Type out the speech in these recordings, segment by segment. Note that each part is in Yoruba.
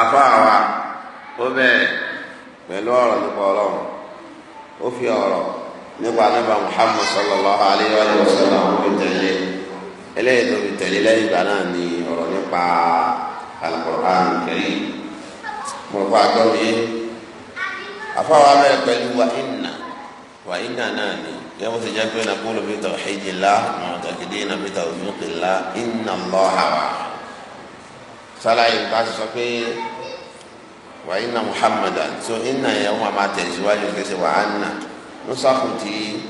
àfa wa ó bẹ̀rẹ̀ pẹ̀lú ọ̀rọ̀ nípa ọlọ́run ó fi ọ̀rọ̀ nípa anábà Muhammad sallallahu alayhi wa sallam ó fi tẹ̀lé eléyìí tó fi tẹ̀lé lẹ́yìn ìgbà náà ni ọ̀rọ̀ nípa al-Qur'an al-Karim mo wa bẹ̀rẹ̀ pẹ̀lú wa inna wa inna náà ni yẹ́n ti jẹ́ pé nàkúlù bi tawhidillah mọ̀tàkìdí nàbí tawfiqillah inna Allah wà sálàyé bá sọ pé wà inna muhammadan so inna yẹn wọn máa tẹ̀síwájú kẹsẹ̀ wà anna nusafu ti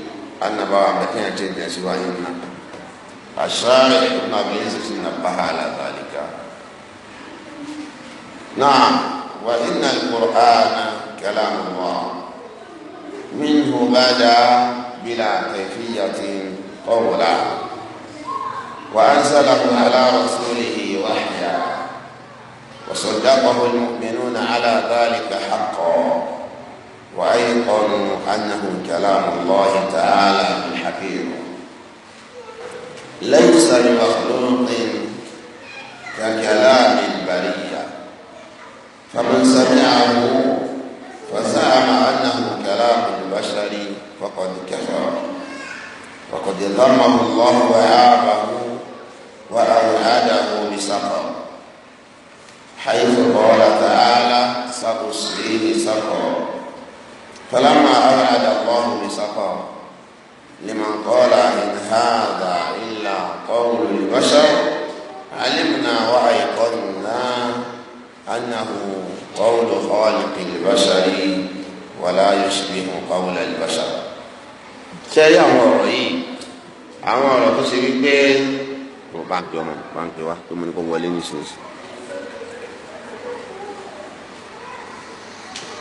annabawa mẹ́tẹ́ yẹn ti tẹ̀síwájú nà àṣàrẹ ìdúnà bí yẹn sì nà bá hàlà dàlíkà náà wà inna al-Qur'ana kalamullah minhu bada bila kayfiyatin qawla wa anzalahu ala rasulihi wahya. وصدقه المؤمنون على ذلك حقا وأيقنوا أنه كلام الله تعالى الحكيم ليس لمخلوق ككلام البرية فمن سمعه فزعم أنه كلام البشر فقد كفر وقد ذمه الله وعابه وأوعده بسفر حيث قال تعالى سأصليه سقر فلما أراد الله بسقر لمن قال إن هذا إلا قول البشر علمنا وأيقنا أنه قول خالق البشر ولا يشبه قول البشر ṣẹ́rí àwọn ọ̀rọ̀ yìí àwọn ọ̀rọ̀ tó ṣe wípé. báńkì ọmọ báńkì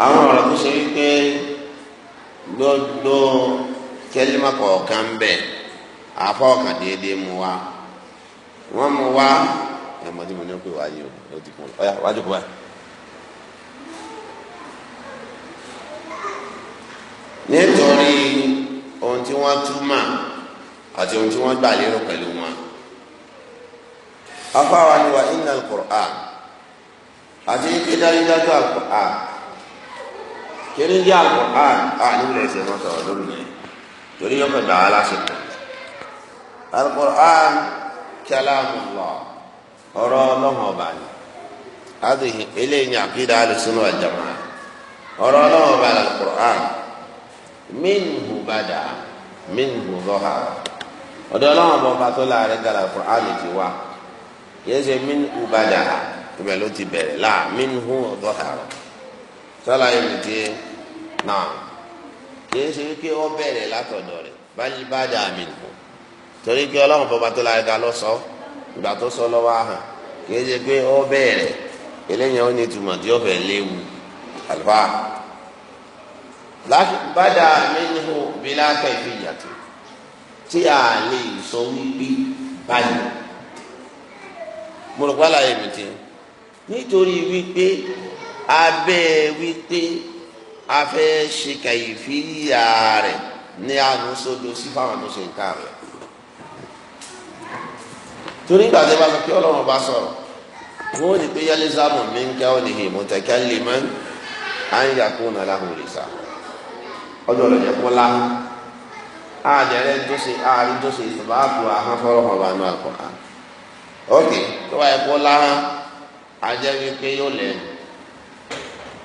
àwọn ọ̀rọ̀ tó ṣe wípé gbogbo kẹlímà kọ̀ọ̀kan bẹ̀ afọ ọ̀kan déédéé mu wa wọ́n mu wa ẹ̀ tí mo ní pè ti kún un ọ̀yà ohun tí wọ́n túmọ̀ àti ohun tí wọ́n gbà lérò pẹ̀lú wọn. afáwa ni wa al kíni jẹ́ alukur'an a nílò ẹsẹ̀ wọn sọ̀rọ̀ lórí yẹn torí yóò fẹ́ gbàá lásìkò alukur'an kalamullah ọ̀rọ̀ ọlọ́run ọba ni adìhì eléyìí ni àkídà alùsùnú àjàmà ọ̀rọ̀ ọlọ́run ọba ni alukur'an minhu bada minhu ọba tó láàrin gàlà alukur'an ti wá yẹ́n ṣe minhu ti naa. kìí ṣe wípé bẹ̀rẹ̀ látọ̀dọ̀ rẹ̀ báyìí bá dà mí nù torí pé ọlọ́run bọba tó láyé ga lọ sọ ìgbà tó sọ lọ́wọ́ àhàn kìí ṣe pé bẹ̀rẹ̀ eléyìí ó ní ìtumọ̀ tí fẹ́ léwu àlùfáà a fẹ́ ṣe kàyéfìyà rẹ̀ ní àmúṣodo sí fáwọn tó ṣe nǹkan rẹ̀ torí ìgbà tí a bá sọ pé ọlọ́run bá sọ̀rọ̀ wọ́n ní pé yálẹ́sàmù mi ń ya. ọ́ nìyí mọ̀tẹ́kẹ́ lè mọ́ à ń yàgò náà láhùn rè sá ọjọ́ rẹ̀ yẹ kó láhùn àjẹrẹ tó ṣe àárín tó ṣe ìṣọ̀bá àpò àhán fọ́rọ̀ hàn bá nù àkọ́ ok tó wáyé kó láhùn àjẹ́ wípé yóò lẹ́nu.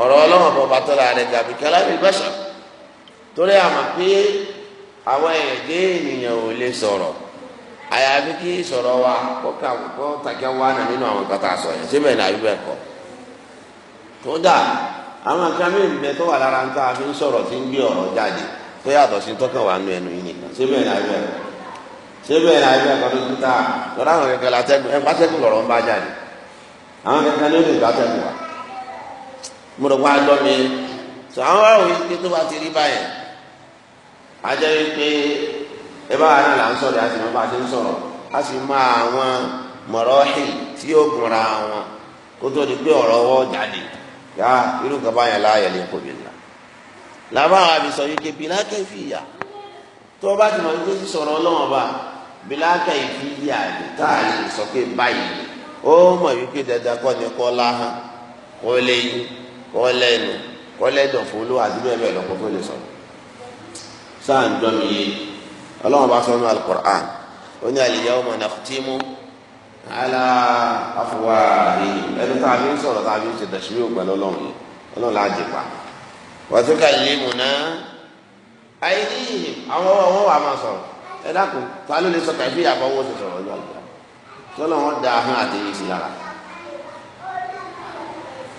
ọ̀rọ̀ ọlọ́wọ́n bọ̀ bàtọ́ la rẹ̀ dàbí kí alábì bẹ́sà torí àmà pé àwọn ẹ̀dẹ́ ènìyàn ò lè sọ̀rọ̀ àyàfi kí sọ̀rọ̀ wa kọ́kà kọ́ tàkẹ́ wá nà nínú àwọn kàtà sọ̀yìn síbẹ̀ ní àbí bẹ́ẹ̀ kọ́ kódà àwọn kan mí bẹ tó wà lára ń tá a fi ń sọ̀rọ̀ tí ń gbé ọ̀rọ̀ jáde tó yàtọ̀ sí tọ́kàn wà nù ẹnu yìí nìkan síbẹ̀ ní àbí bẹ́ẹ̀ síbẹ̀ ní àbí bẹ́ẹ̀ kọ́ dókítà lọ́dọ̀ àwọn kẹ̀kẹ́ látẹ́gùn ẹ̀ pátẹ́gùn lọ́rọ̀ ń bá jáde àwọn kẹ̀kẹ́ ní ó lè gbátẹ́gùn wa mo rò wá gbọ́ mi sọ àwọn àwọn tó bá ti rí báyẹn ajẹ́ wípé ẹ bá wà là ń sọ̀rọ̀ a sì máa bá a ti ń sọ̀rọ̀ a sì máa àwọn mọ̀rọ́hìn tí ó gunra wọn kó tó di pé ọ̀rọ̀ wọ́ jáde yá irú kan báyẹn láàyè lè kó bìnnà làbáwọn àbísọ̀ yìí ké bìnnà kẹfì yá tó o bá ti mọ̀ nípa sọ̀rọ̀ ọlọ́wọ́n bá bìlákà ìfìyà tá a lè sọ pé báyìí ó mọ̀ wípé kọ́ ni kọ́ kọ́lẹ́ nù kọ́lẹ́ dùn fún olówó àdúgbò ẹ̀ bẹ́ẹ̀ lọ́kọ́ tó lè sọ. sáà ń dọ́mi yé ọlọ́run bá sọ ní alukur'an ó ní al-yawma nakhtimu ala afwahihim ẹni tá a fi ń sọ̀rọ̀ tá a fi ń ṣe dàṣírí ògbà lọ́lọ́run yìí ọlọ́run láà jẹ pa. wa tukallimuna aydihim àwọn ọmọ wọn máa sọ̀rọ̀ ẹ dákun ta ló lè sọ kàìfì àbọ̀wọ́ ti sọ̀rọ̀ ọjọ́ àgbà sọ́lọ́ wọn ahọ́n àtẹ̀yẹsí lára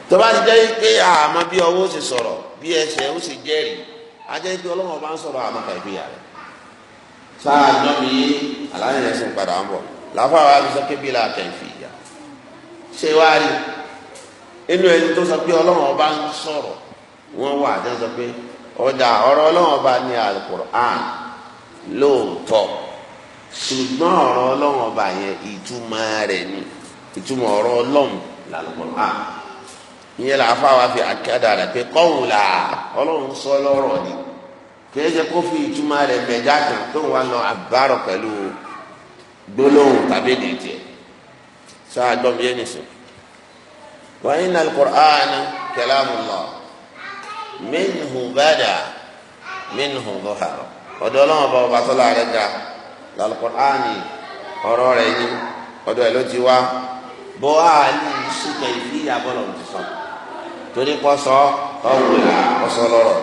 tó bá ti jẹ́ pé àmọ́ bí ọwọ́ ó sì sọ̀rọ̀ bí ẹsẹ̀ ó sì jẹ́rìí a jẹ́ pé ọlọ́wọ́n bá ń sọ̀rọ̀ àmọ́ kàìfì yà rẹ̀ sáà jọ́ mi yé aláàyè rẹ̀ sì ń padà ń bọ̀ làáfà wa sọ pé bí la kàìfì yà ṣé wàá rí inú ẹni tó sọ pé ọlọ́wọ́n bá ń sọ̀rọ̀ wọ́n wà á jẹ́ sọ pé ọjà ọ̀rọ̀ ọlọ́wọ́n bá ní Al-Qur'an lóòótọ́ ṣùgbọ́n ọ̀rọ̀ ọlọ́wọ́n ìyẹn là afa wa fi akada rẹ pé kọ́wùlà ọlọ́run sọ lọ́rọ̀ ni kìí ṣe kó fi ìtumọ̀ rẹ mẹ́jà kan tó ń wá lọ àbárọ̀ pẹ̀lú gbólóhùn tàbí dìtì sáà gbọ́n bí ẹni sùn. wa inna al-Qur'an kalamullah minhu bada minhu zuhara ọ̀dọ̀ ọlọ́run ọba ọba sọ́la rẹ̀ ga al-Qur'an ọ̀rọ̀ rẹ̀ yìí ọ̀dọ̀ ẹ̀ ló ti wá bọ́ àlè ìṣìkẹ̀ ìfìyà bọ́lọ̀ ti sọ̀rọ̀ torí kọ́ sọ ọ̀wé ọ̀sọ̀ lọ́rọ̀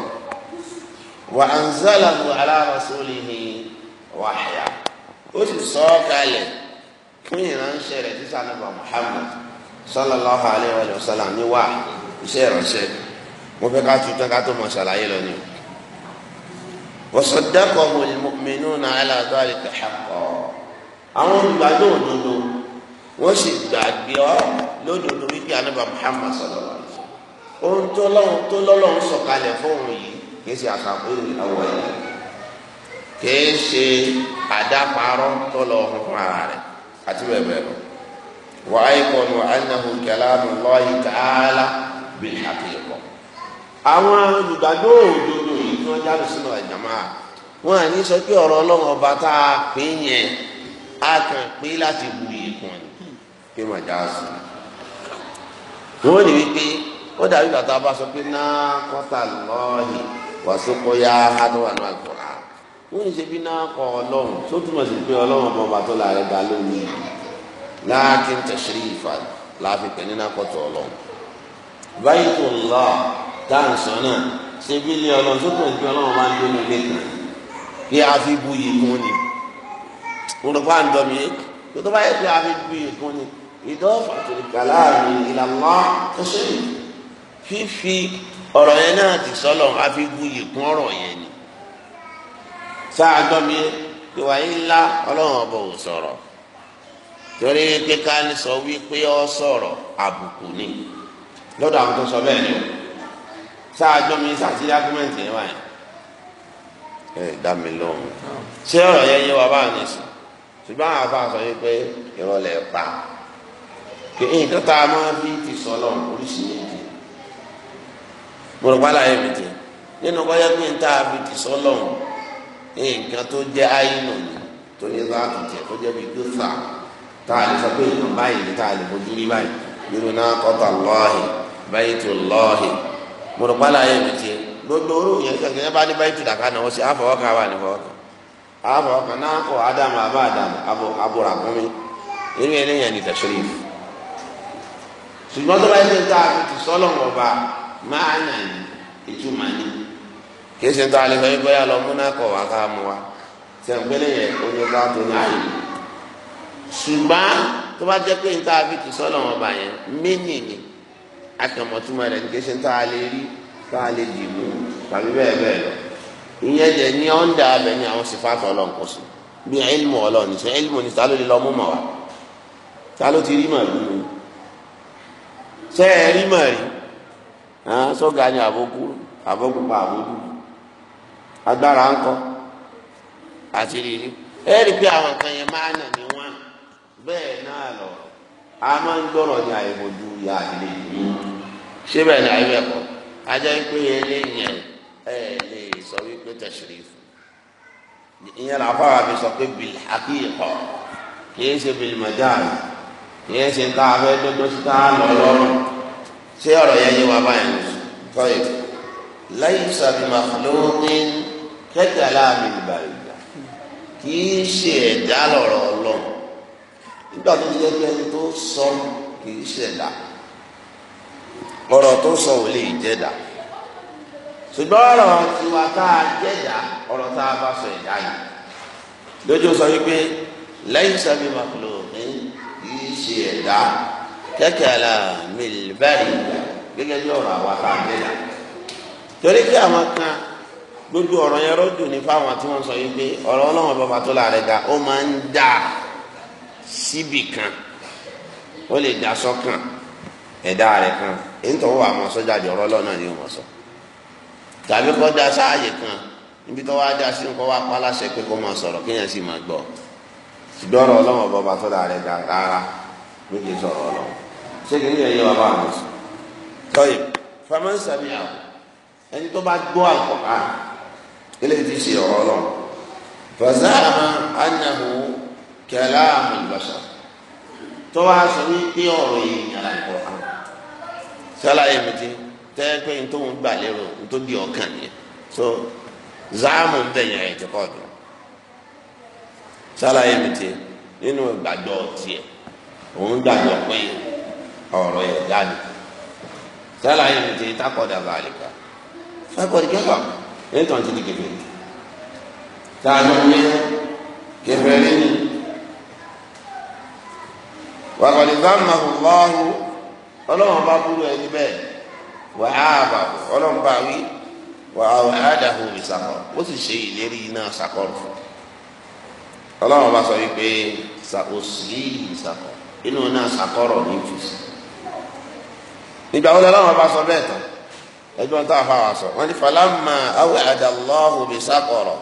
wà á ń zálàmù aláàrọ̀sọ́lì ní wàhálà ó sì sọ ọ́ kalẹ̀ fún ìránṣẹ́ rẹ̀ tí sànàbà Muhammad sallallahu alayhi wa sallam ní wà iṣẹ́ ìránṣẹ́ mo fẹ́ ká tutọ́ ká tó mọ̀ ṣàlàyé lọ ni wa saddaqahu al-mu'minuna ala dhalika haqqan àwọn olùgbàdo òdodo wọ́n sì gbàgbé ọ́ lódodo wípé anábà Muhammad sallallahu. ohun tó lọ́hùn tó lọ́lọ́hùn sọ̀kalẹ̀ ka yìí kìí ṣe àkàkùrù àwọn yìí kìí ṣe àdáparọ́ tó lọ fún ara rẹ̀ àti bẹ́ẹ̀ bẹ́ẹ̀ lọ. wa aykunu annahu kalamullahi ta'ala bil haqiqa. àwọn olùgbàgbọ́ òdodo yìí tí wọ́n jáde sínú àjàmá wọn à ní sọ pé ọ̀rọ̀ ọlọ́run ọba tá a pè é yẹn a kàn pé láti wuyì kùn kí wọ́n kódà bí bàtà bá sọ pé náà kọ́tà lọ́ọ̀hìn wà sóko yá adúlá náà kọ́ra wọ́n ní ṣe bí náà kọ́ ọlọ́run tó túmọ̀ sí pé ọlọ́run ọmọ bàtọ́ là rẹ̀ bá lónìí láàkín tẹ̀sírí ìfà láàfin pẹ̀lú náà kọ́tọ̀ ọlọ́run báyìí tó ń lọ dáǹsán náà ṣe bí ilé ọlọ́run tó túmọ̀ sí pé ọlọ́run máa ń gbé ní ilé kan a fi bu yìí kún ni mo rò pa àǹdọ̀ mi tó tó bá yẹ fífi ọ̀rọ̀ yẹn náà ti sọ́lọ̀ a fi buyì kún ọ̀rọ̀ yẹn ni sáà gbọ́ mi ìwà yìí ńlá ọlọ́run ọba ò sọ̀rọ̀ torí pé ká ní sọ wípé ọ sọ̀rọ̀ àbùkù ni lọ́dọ̀ àwọn tó sọ bẹ́ẹ̀ ni o sáà gbọ́ mi sàti dákúmẹ́ǹtì yẹn wáyé ẹ dá mi lóhùn ṣé ọ̀rọ̀ yẹn yé wa bá ní sùn ṣùgbọ́n àwọn afáà sọ wípé ìrọ̀lẹ́ pa kí èyí tó máa fi ti sọ lọ́run oríṣiríṣi. mọ̀rọ̀pálá yẹn mi jẹ nínú kọ́ yẹ pé ta fi ti sọ́lọ́hún nǹkan tó jẹ́ àyínú ni tó ní bá àtúntì ẹ̀ tó jẹ́ bí gbèsà tá a lè sọ pé ìyàn báyìí ni tá a lè fojú rí báyìí nínú náà lọ́ọ̀hì báyìí tó lọ́ọ̀hì yẹn mi jẹ gbogbo yẹn bá ní báyìí tó dàka náà wọ́n ṣe wà ní náà àbá máa nà ní ìtumà ní kìí ṣe tó a lè fẹ́ bóyá lọ múná kọ̀ wá ká mu wa sẹ̀ǹpẹ́lẹ̀ yẹn ó ní bá tó náà yìí ṣùgbọ́n tó bá jẹ́ pé nta fi tù sọ́lọ̀ wọn bá yẹn méjì ni akẹ́mọ̀túmọ̀ rẹ̀ ní kìí ṣe tá a lè rí tá a lè tàbí bẹ́ẹ̀ bẹ́ẹ̀ lọ ìyẹn jẹ́ ní ọ̀ndà abẹ ní àwọn sèfàtà ọlọ́run ṣe ẹlmù ni ta ló lè lọ mú mọ̀ rí mọ̀ sọ́gà ni àbókú àbókú pa àbókú agbára ń kọ́ àti rírí ẹ rí pé àwọn kan yẹn máa nà ní wọn bẹ́ẹ̀ náà a máa ń gbọ́rọ̀ ní àìmọ̀jú ìyá àdìrẹ yìí ṣé bẹ́ẹ̀ ni àìwẹ̀ kọ́ ajá ń pè é léyìn ẹ lè sọ wípé tẹ̀sírí fún ìyẹn làwọn sọ pé ṣé ọ̀rọ̀ yẹn yé wa báyìí tọ́yì láyé sàbìmà lóhùn kẹ́kẹ́ aláàmì ìbàlùbà kì í ṣe ẹ̀dá lọ̀rọ̀ ọlọ́run nígbà tó ti yẹ kí ẹni tó sọ kì í ṣẹ̀dá ọ̀rọ̀ tó sọ ò lè jẹ̀dá ṣùgbọ́n ọ̀rọ̀ tiwa tá a jẹ̀dá ọ̀rọ̀ tá a bá sọ ẹ̀dá yìí lójú sọ wípé láyé sàbìmà lóhùn kì í ṣe ẹ̀dá kẹkẹlá mílíbárì gẹ́gẹ́ bí ọ̀rọ̀ àwa tá a dẹlà torí kí àwọn kan gbogbo ọ̀rọ̀ yẹn rọdùn ní fáwọn tí wọ́n sọ yìí pé ọ̀rọ̀ Ọlọ́run bàbá tó láàrẹ ga ó máa ń dà síbì kan ó lè dà sọ́kàn ẹ̀dá rẹ̀ kan èyí tó wà mọ sọjà di ọ̀rọ̀ Ọlọ́run náà ni wọ́n sọ tàbí kó da sáàyè kan níbi tó wá da sí nǹkan wá pa láṣẹ pé kó máa sọ̀rọ̀ kéèyàn sì máa gbọ́ ṣùgbọ́n ọ̀rọ̀ Ọlọ́run bàbá tó láàrẹ ga rárá ló ti sọ̀rọ̀ Ọlọ́run ṣé kí ni ẹ̀yẹ bàbá mi tọ́yì fàmẹ́sàmì àwọn ẹni tó bá gbọ́ àkọ́kọ́ eléyìí ti ṣe ọ̀rọ̀ ọlọ́run fàzáàmà ánàhù kẹlá àmàlùbáṣà tó wàá sọ ní pé ọ̀rọ̀ èèyàn àkọ́ sálàyé mi ti tẹ́ pé n tó ń gbà lérò n tó di ọkàn yẹn so záàmù ń bẹ̀yẹ̀ ẹ̀ ti kọ́ ọ̀dọ̀ sálàyé mi ti nínú ìgbàgbọ́ tiẹ̀ òun gbàgbọ́ pé Ọrụ ya ni sẹ́lá yìí ti takọ̀dà bàálìkà fẹ́kọ̀dì kẹfà ètò àti ti kẹfẹ́ tààjọ mi kẹfẹ́ lẹ́nu wàkọ̀dì bàmà lọ́hù ọlọ́run bá burú ẹni bẹ́ẹ̀ wà á bà ọlọ́run bá wí wà á wà á sọ ìgbà wọn lọ́wọ́ bá sọ bẹ́ẹ̀ tán ẹjọ́ tá a fa wà sọ wọn ni falama awo adalọ́hu bi sakọrọ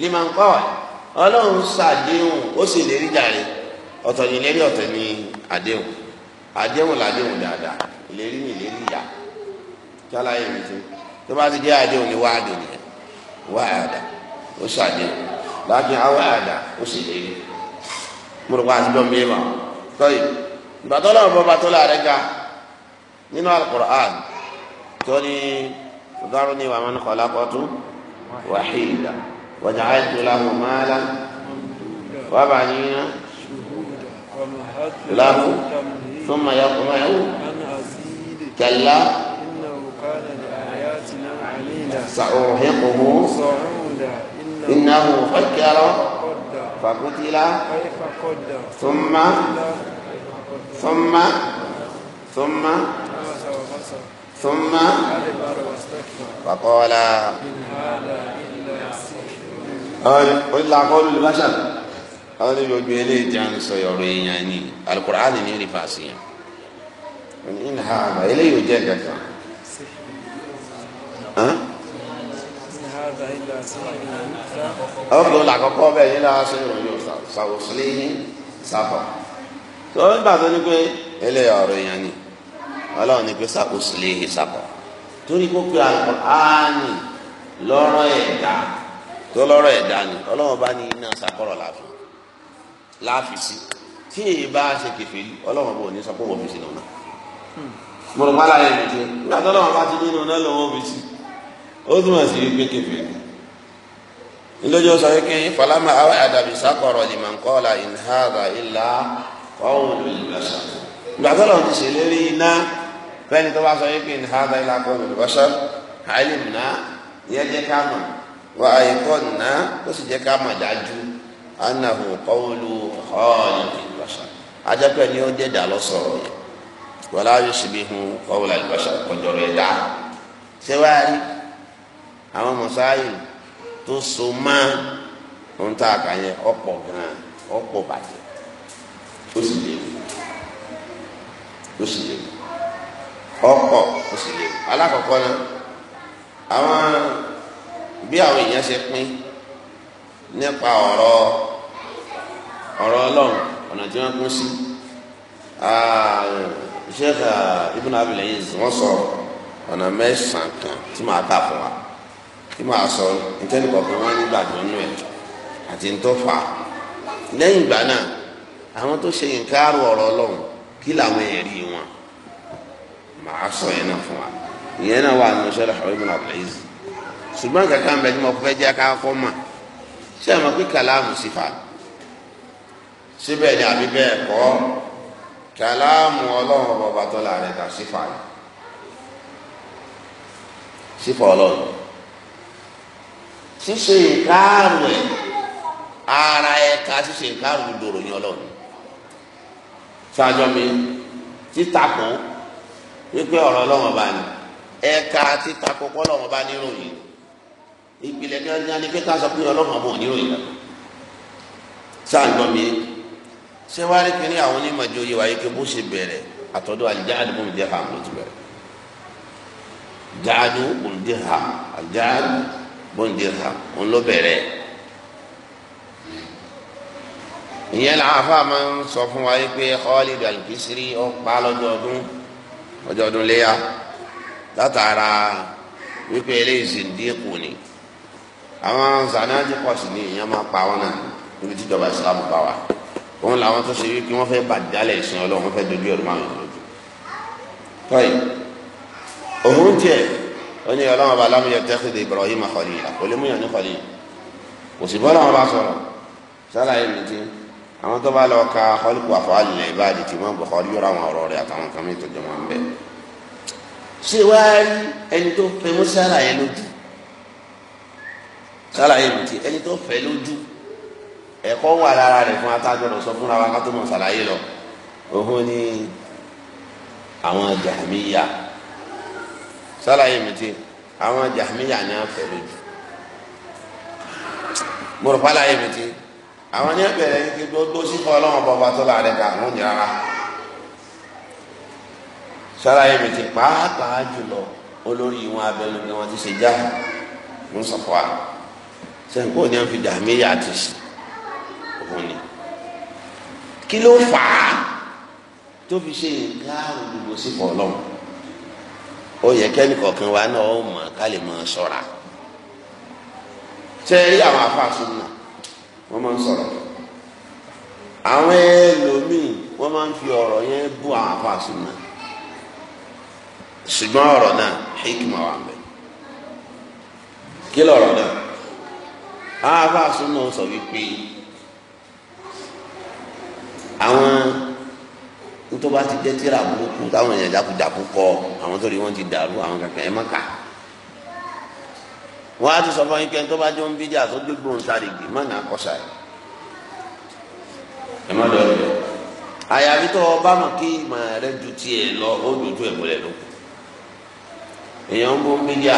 lima ń kọ́ ọlọ́run sàdéhùn ó sì lérí jàre ọ̀tọ̀ ni lérí ọ̀tọ̀ ni àdéhùn àdéhùn làdéhùn dáadáa lérí ni lérí yá kíálá yẹn mi ti tó bá ti jẹ́ àdéhùn ni wàá dùn yẹn wàá àdá ó sàdéhùn láti awo àdá ó sì lérí mo àti dọ́mbé ma tọ́yì ìbátan náà bọ́ bá tó láàrẹ́ ga. nínú alukur'an tóní dárúni wà man khalaqtu wahida waja'altu lahu malan wa banina lahu thumma yatma'u kalla sa'urhiquhu innahu fakkara fakutila ثم ثم ثم ثم فقال قل قول البشر àwọn níbi ojú eléyìí القرآن a فاسيا، إن هذا èèyàn ni alukur'an ni rí fàásì yẹn ní ha àbá eléyìí ò yín lọ́wọ́ sí ìròyìn ṣàwòsílẹ̀ yín sábà. tó ń gbà ní pé eléyìí ọ̀rọ̀ èèyàn ọlọ́run ní pé sàkóso lè sàkọ torí kó pe àlùkùránì lọ́rọ̀ ẹ̀dá tó lọ́rọ̀ ẹ̀dá ni ọlọ́run bá ní iná sàkọrọ̀ láàfin láàfin sí tí èyí bá ṣe kẹfẹ́ yìí ọlọ́run bò ní sọ pé fi sí lọ́nà mo rò pálá yẹn nìjẹ́ nígbà tó lọ́run bá ti nínú náà lọ́wọ́ fi sí ó túmọ̀ sí pé kẹfẹ́ yìí nítorí sọ pé kí falama awa adabi sakọrọ liman kọla in hadha illa qawlul bashar gbàtọ́ lọ́run ti ṣèlérí iná fẹ́ni tó bá sọ yìí pé ní hada ilá kọ́ lórí bọ́sọ́ alim náà yẹ jẹ́ ká mọ̀ wà á ikọ́ náà ó sì jẹ́ ká mọ̀ dájú anahu qawlu khaliqi bọ́sọ́ ajẹ́pẹ́ ni ó dẹ̀dà lọ sọ̀rọ̀ yẹn wàlá yushbihu qawla al-bashar kọjọ́rọ̀ ẹ̀dá ṣé àwọn mọ̀sáyìn tó so mọ́ ohun tá a ọ̀pọ̀ gan ọ̀pọ̀ bàjẹ́ ó sì léwu ó sì léwu. Ọkọ osimiri sì na alákọ̀ọ́kọ́ náà àwọn bí àwọn èèyàn ṣe pín nípa ọ̀rọ̀ ọ̀rọ̀ ọlọ́run ọ̀nà tí wọ́n pín sí sheikh ibn abil ayiz wọ́n sọ ọ̀nà mẹ́sàn-án kan tí màá kà fún wa tí màá sọ nítorí kọ̀ọ̀kan wọn nígbàgbọ́ nínú ẹ̀ àti ntọ́fà lẹ́yìn ìgbà náà àwọn tó ṣe nǹkan àrò ọ̀rọ̀ ọlọ́run màá sọ yẹn náà fún wa ìyẹn náà wà nínú sẹ́lẹ̀ Ibn Abdul Aziz ṣùgbọ́n kankan bẹ tí mo fẹ́ jẹ́ ká kọ́ mà ṣé ẹ mọ̀ pé kàlámù sífà síbẹ̀ ni àbí bẹ́ẹ̀ kọ́ kàlámù ọlọ́run bọ̀bà tó la rẹ̀ ta sífà yìí sífà ọlọ́run ṣíṣe ìkárù ẹ̀ ara ẹ̀ka ṣíṣe ìkárù dòrò yín ọlọ́run ṣáájọ́ mi títakùn wípé ọ̀rọ̀ ọlọ́wọ́n bá ní ẹ̀ka títa kọ́kọ́ ọlọ́wọ́n bá níròyìn ìpìlẹ̀ kí wọ́n ní pé ká sọ pé ọlọ́wọ́n bọ̀ níròyìn lọ. sáàgbọ́n mi ṣé wàá rí kínní àwọn onímọ̀ ju oyè wáyé kí bó ṣe bẹ̀rẹ̀ àtọ́dọ̀ àlìjáde bó ń dé hàm ló ti bẹ̀rẹ̀ jáde ń dé hàm àlìjáde ń dé hàm òun bẹ̀rẹ̀ ìyẹn làwọn afáàmọ́ sọ fún wa yìí pé Khalid al-Kisri ó pa lọ́jọ́ ọdún ọjọ́ ọdún léyà látara wípé eléyìí sì ń dín kù ni àwọn zanadi pọ̀ sí ni èèyàn máa pa wọn náà níbi tí ìjọba ìsìlámù bá wa wọn làwọn tó ṣe wípé wọn fẹ́ bàjálẹ̀ ìsìn ọlọ́run wọn fẹ́ dojú ẹ̀rọ máa ń lòdù. tọ́yì òun tiẹ̀ ó ọlọ́run ọba alámúyẹ tẹ́kìdì Ibrahim akọ̀lì àkọlẹ́múyẹ ní kọ̀lì kò sì bọ́ làwọn bá sọ̀rọ̀ sálàyé mi ti àwọn tó bá lọ ka ọlùkù àfọwálì náà ìbáàdì tí wọn bọkọ yóò ra àwọn ọ̀rọ̀ rẹ̀ àtàwọn kan mìíràn tó jọ máa ń bẹ. ṣé wàá rí ẹni tó fẹ́ mú sálàyé lójú sálàyé mi ti ẹni tó fẹ́ lójú ẹ̀kọ́ wà lára rẹ̀ fún atájọ lọ sọ fúnra wa ká tó mọ sálàyé lọ òhun ni àwọn jàmíyà sálàyé mi àwọn jàmíyà ni a fẹ́ lójú mo rò pálàyé mi ti àwọn ní ẹbẹ̀rẹ̀ yìí ti gbogbo sífọ́ ọlọ́run bọba tó láàrin ká àwọn òní rárá sára ẹ̀mí ti pàápàá jùlọ olórí ìwọ̀n abẹ́lú ni wọ́n ti ṣe já ń sọ̀fọ́ à sẹ́ńkó ni wọ́n fi dàmíyà ti sí òun ni kí ló fà á tó fi ṣe nǹkan àrùn gbogbo sífọ́ ọlọ́run ó yẹ kẹ́ni kọ̀ọ̀kan wa náà ó mọ̀ ká lè mọ̀ ọ́ sọ̀ra ṣé àwọn afáàsùn náà wọ́n máa ń sọ̀rọ̀ àwọn ẹlòmíì wọ́n máa ń fi ọ̀rọ̀ yẹn bú àwọn afáàsùn náà ṣùgbọ́n ọ̀rọ̀ náà hikima wà mbẹ kí lọ̀rọ̀ náà àwọn afáàsùn náà sọ wípé àwọn nítorí ti jẹ́ tíra burúkú táwọn èèyàn jákujàku kọ àwọn tó rí wọn ti dàrú àwọn kankan ẹ̀ má wọ́n á ti sọ fún yín kẹ́ni tó bá jọ ń bí díà tó gbégbó ń sáré gbé má nàá kọ́sà ẹ̀ ẹ má lọ rẹ àyàfi tó ọba mọ̀ kí ìmọ̀ rẹ ju tiẹ̀ lọ ó dojú ẹ̀ múlẹ̀ lóko èèyàn ń bó ń bíyà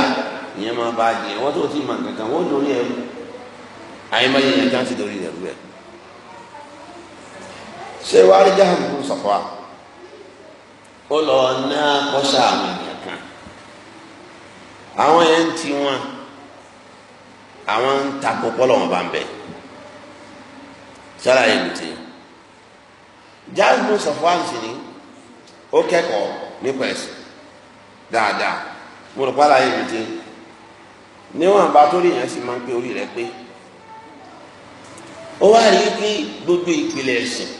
ìyẹn máa bá jẹ wọ́n tó ti mọ̀ kankan wọ́n dorí ẹ̀ àyèmáyé yẹn kan ti dorí ẹ̀ ẹ̀ ṣé wàá rí jáhàn kún sọ̀fọ́ à ó lọ ná kọ́sà àwọn èèyàn kan àwọn yẹn ń ti wọn àwọn ń takò pọ́lọ́wọ́n bá ń bẹ̀ sára yẹn ti jáàmù sọfọ́àǹsì ni ó kẹ́kọ̀ọ́ nípa ẹ̀sìn dáadáa mo rò pàlà yẹn ti níwọ̀n bá torí yẹn sì máa ń pé orí rẹ pé ó wá rí pé gbogbo ìpìlẹ̀ ẹ̀sìn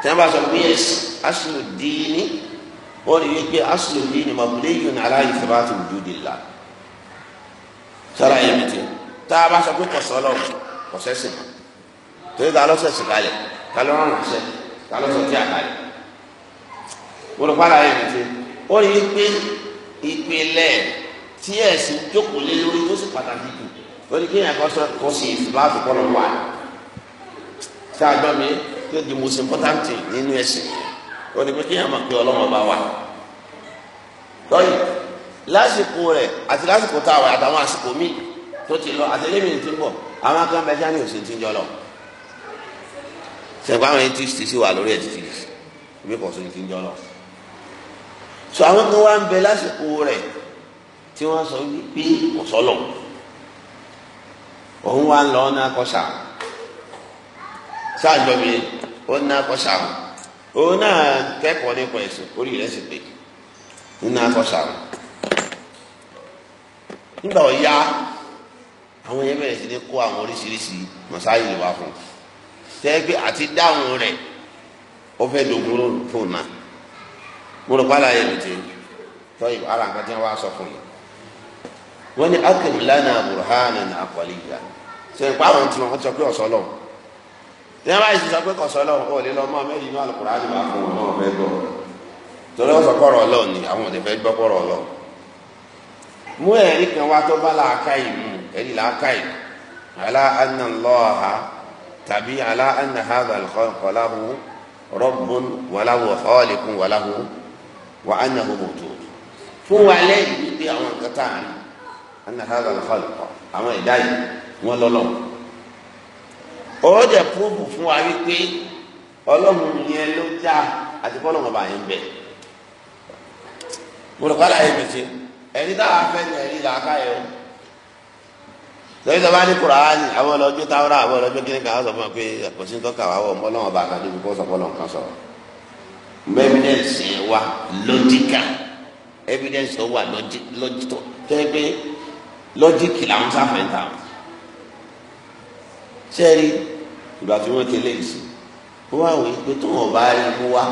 tí wọ́n bá sọ pé ẹ̀sìn asùlù díìní wọ́n rí pé asùlù díìní mabniyun ala ithbati wujudillah sára yẹn ti tá a bá sọ pé kọsọ lọ kọsẹ sìn torí ta lọ sẹsìn kalẹ̀ ta lọ rán ránṣẹ́ ta lọ sọ tí a kalẹ̀ olùkọ́ra yẹn mi ti ó rí i pé ìpìlẹ̀ tí ẹ̀sìn jókòó lé lórí tó sì pàtàkì jù ó ní kéèyàn kọ́ sọ kó sì láti kọ́ lọ wà tá a gbọ́ mi tó di most important thing nínú ẹ̀sìn ó ní pé kéèyàn máa pe ọlọ́mọ bá wà lọ́yìn lásìkò rẹ̀ àti lásìkò tá a wà àtàwọn àsìkò míì tó ti lọ àtẹlẹmì ti ń bọ̀ àwọn kan bẹ sani òsè ti ń jọ lọ sẹpẹ àwọn etí ti sì wà lórí ẹ títí ibi kò sóni ti ń jọ lọ so àwọn kan wá ń bẹ lásìkò rẹ tí wọn sọ pé kò òun wá ń lọ ọ̀nà akọ́sà sáàjọ mi ọ̀nà akọ́sà òun náà kẹ́kọ̀ọ́ nípa ẹ̀sìn orí rẹ̀ sì pé ọ̀nà akọ́sà nígbà ọ̀ya. àwọn yẹn bẹ̀rẹ̀ sí ní kó àwọn oríṣiríṣi mọ̀sáyì wá fún un tẹ́gbẹ́ àti dáhùn rẹ̀ ó fẹ́ dogun fún náà mo rò pálá yẹn lùtẹ́ tọ́yì ara nǹkan tí wọ́n wá sọ fún yẹn wọ́n ní akim pa àwọn tí wọ́n sọ pé ọ̀sọ́ sọ pé ó mẹ́rin inú ni fún wọn náà fẹ́ gbọ́ torí wọ́n sọ kọ́rọ̀ àwọn ò ẹni làákàyè ala anna Allaha tàbí ala anna hadha al-khalqa lahu rabbun walahu khaliqun walahu wa annahu mawjud fún wa lẹ́yìn wípé àwọn nǹkan tá a rí anna hadha al-khalqa àwọn ẹ̀dá yìí wọ́n lọ́lọ́ ó dẹ̀ púrúfù fún wa wípé ọlọ́run yẹn ló já àti bọ́lá bá yẹn bẹ̀ mo rò pé àlàyé mi ti ẹni táwa fẹ́ ni ẹni làákàyè o lórí tó bá ní kuraani àwọn ọlọ́jọ́ táwọn àwọn ọlọ́jọ́ kí ni ká sọ fún wa pé kò sí tọ́ka wa wọ̀ mọ́lọ́wọ́ bá ká débi kó sọ fọlọ́ nǹkan sọ̀rọ̀ mọ evidence wa logical evidence tó wà logic tó yẹ pé logic làwọn sáfẹ́ ta sẹ́ẹ̀rì ìgbà tí wọ́n kélé yìí sí wọ́n wá wí pé tó wọn bá rí mú wa